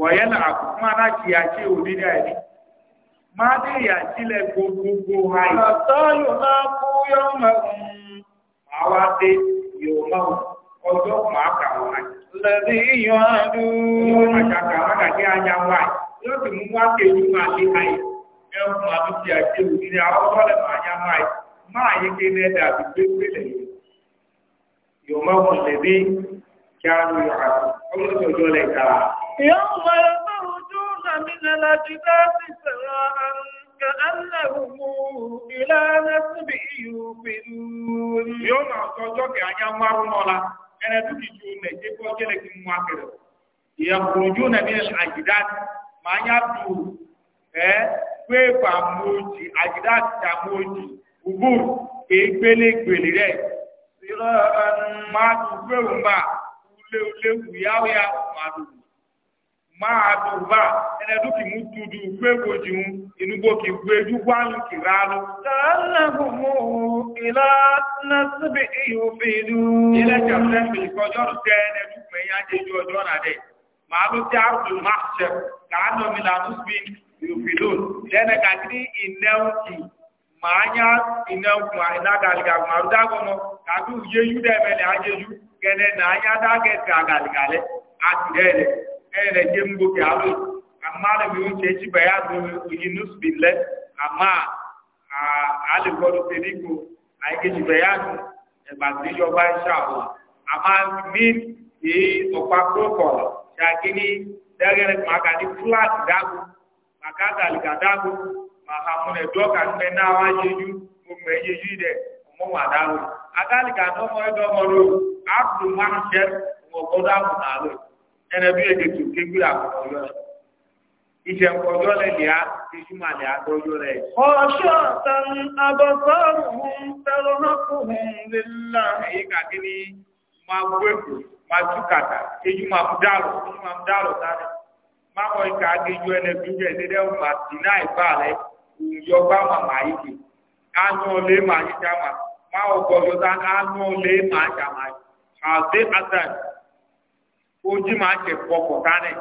wọ̀yẹ́là àkùnkùn aláṣẹ àṣẹ òdílé àìní. Máa dé ìyàsílẹ̀ gbogbogbò àì. Ọ̀tọ́ yóò máa kú yóò ya máa wá dé yóò mọ̀ ọjọ́ máa kà wá. Lẹ́bí yóò adú. Yóò àjàkà wákà kí ajá wá. Yóò sì mú wá kéjú máa ti àwọn yá máa Máa kí يوم يخرجون من الأجداث سراعا كأنهم إلى نسب يوفدون يوم أخرجوك أن يمرون أنا تجيون نجيب وجلك مواكر يخرجون من الأجداث ما يبدو pépà mojì àjìdáàtà mojì gbogbo ègbélégbèlè rẹ máa dùn pé òun bá wúléwúlé wùyáwùyá máa dùn máa dùbà ẹnẹ dúkì mú tudu gbégbó jùun inúgbó kì gbéjú wáyù kì rárú. tààlàbù mú ìlà násìbì ìhòfìdú. ilé jàpẹ́ mi kọjọ́ tẹ ẹnẹ dúkì ẹ̀yà jẹjú ọjọ́ náà dẹ̀. màá ló tẹ àrùn máa ṣẹ kàá lọ mi là ń spin ìhòfìdú. lẹ́nẹ̀ kàkiri ìnẹ́wù kì màá nyá ìnẹ́wù kùn màá dágọ́ mọ́ kàdú yéyú dẹ́mẹ́lẹ̀ àjẹjú kẹ́nẹ́ nàá e ke mbo ke alu amma le mi unche chi bayadu uyinus bille amma ali godo teriko ai ke chi bayadu ya e ba ti yo ba sha o amma mi e o pa ko ko sha kini dagere maka ni flat dago maka dal ga ma ha mo na ka na wa yeju mo yeju wa do na ẹnẹbi yẹ dètò kégbé àkọyọ rẹ ìṣẹ̀kọjọ rẹ lẹ́yà ìṣúmọ̀ àlẹ́ àtọ́jọ rẹ. ọ̀ṣọ́ tan abọ́sọ́rùn-ún tẹlọ́nàkùnrin lélá. èyí kàkí ni máa wú èkó máa tú kàtà èyí máa mú dàrú èyí máa mú dàrú dání. má kọ́ ìka agéjú ẹnẹbi yẹ dédé máa tì náà ìbá rẹ òyìnbó bá máa máa yí kè. máa yí máa máa jà ojú máa a pọkọ kánẹ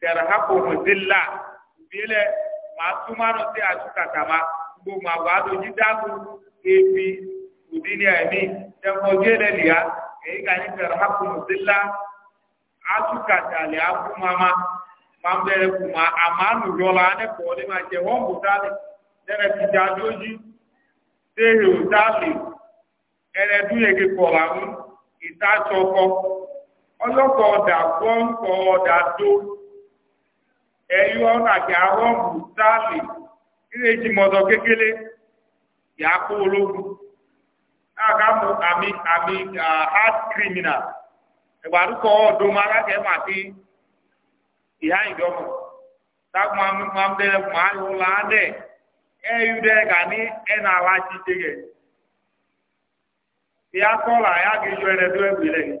tẹrẹ hapò mọdélà bílẹ máa túmọ̀nù sí àtúkàtàmá gbogbo àwọn àdójú dáàbò ebi òdìní ẹ̀mí tẹfọ gẹ́lẹ́ ní tẹrẹ hapò mọdélà àtúkàtà lìá fún mama máa ń bẹ̀rẹ̀ kù máa àmánù ma ọlọ́kọ̀ ọ̀dà gbọ́ǹkọ̀ ọ̀dà tó ẹ̀yọ́ ọ̀nàjà rọ́ọ̀mù sáàlì ìrèjì mọ̀tọ̀ kékeré yàá kó ológun náà ká mú àmì àmì hard criminal ìgbàdúkọ̀ ọ̀dọ́ máa lákẹ́ máa ti ìhá ìdọ́mọ̀ táwọn máa ń bẹ̀rẹ̀ láàdẹ̀ gà ní ẹ̀nà tẹ̀yẹ̀ ẹ̀rẹ́dọ́ yìí.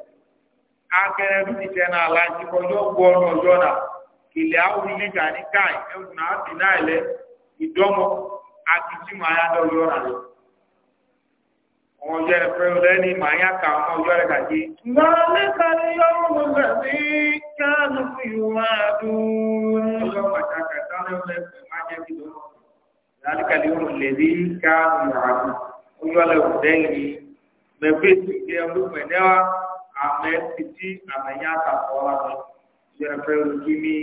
akẹrẹdù ti tẹ náà láti kọjọ gbọ ọnà ọjọ náà kìlẹ awùlí gani káì ẹwùn náà bì náà lẹ ìdọmọ àti tí màá yá dọ ọjọ náà lẹ. ọjọ ẹfẹ lẹni màá yá ka ọmọ ọjọ rẹ gàdí. lọ́lẹ́ kàní yọ̀rù mo gbà sí káàdù fún ìwà dùn. ọjọ́ pàtàkì sáré ọ̀lẹ́ fẹ̀ má jẹ́ bí lọ́wọ́. lọ́lẹ́ kàní yọ̀rù lẹ́bí káàdù ìwà dùn. ọjọ́ lẹ́wọ̀n dẹ́yìn mẹ́fẹ́sì ame titi ame nyakatɔ la me yɛrɛ ƒe ŋdimi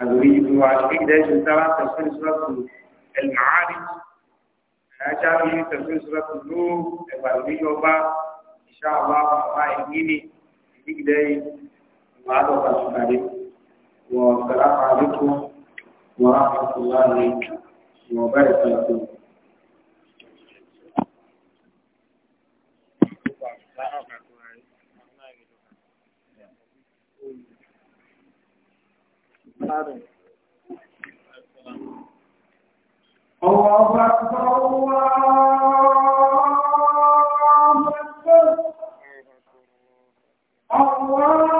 agori yi wa ɛyi ɖe yi ta la tɛfɛ sɔrɔ tu ɛlmaari ɛyatsa mi tɛfɛ sɔrɔ tu ló ɛgbali yɔba isaba mama ɛŋini ɛyi ɖe yi wa alɔ ka tu ka di wa salamu alaikum wa rahmatulahi wa barakatuh. Allah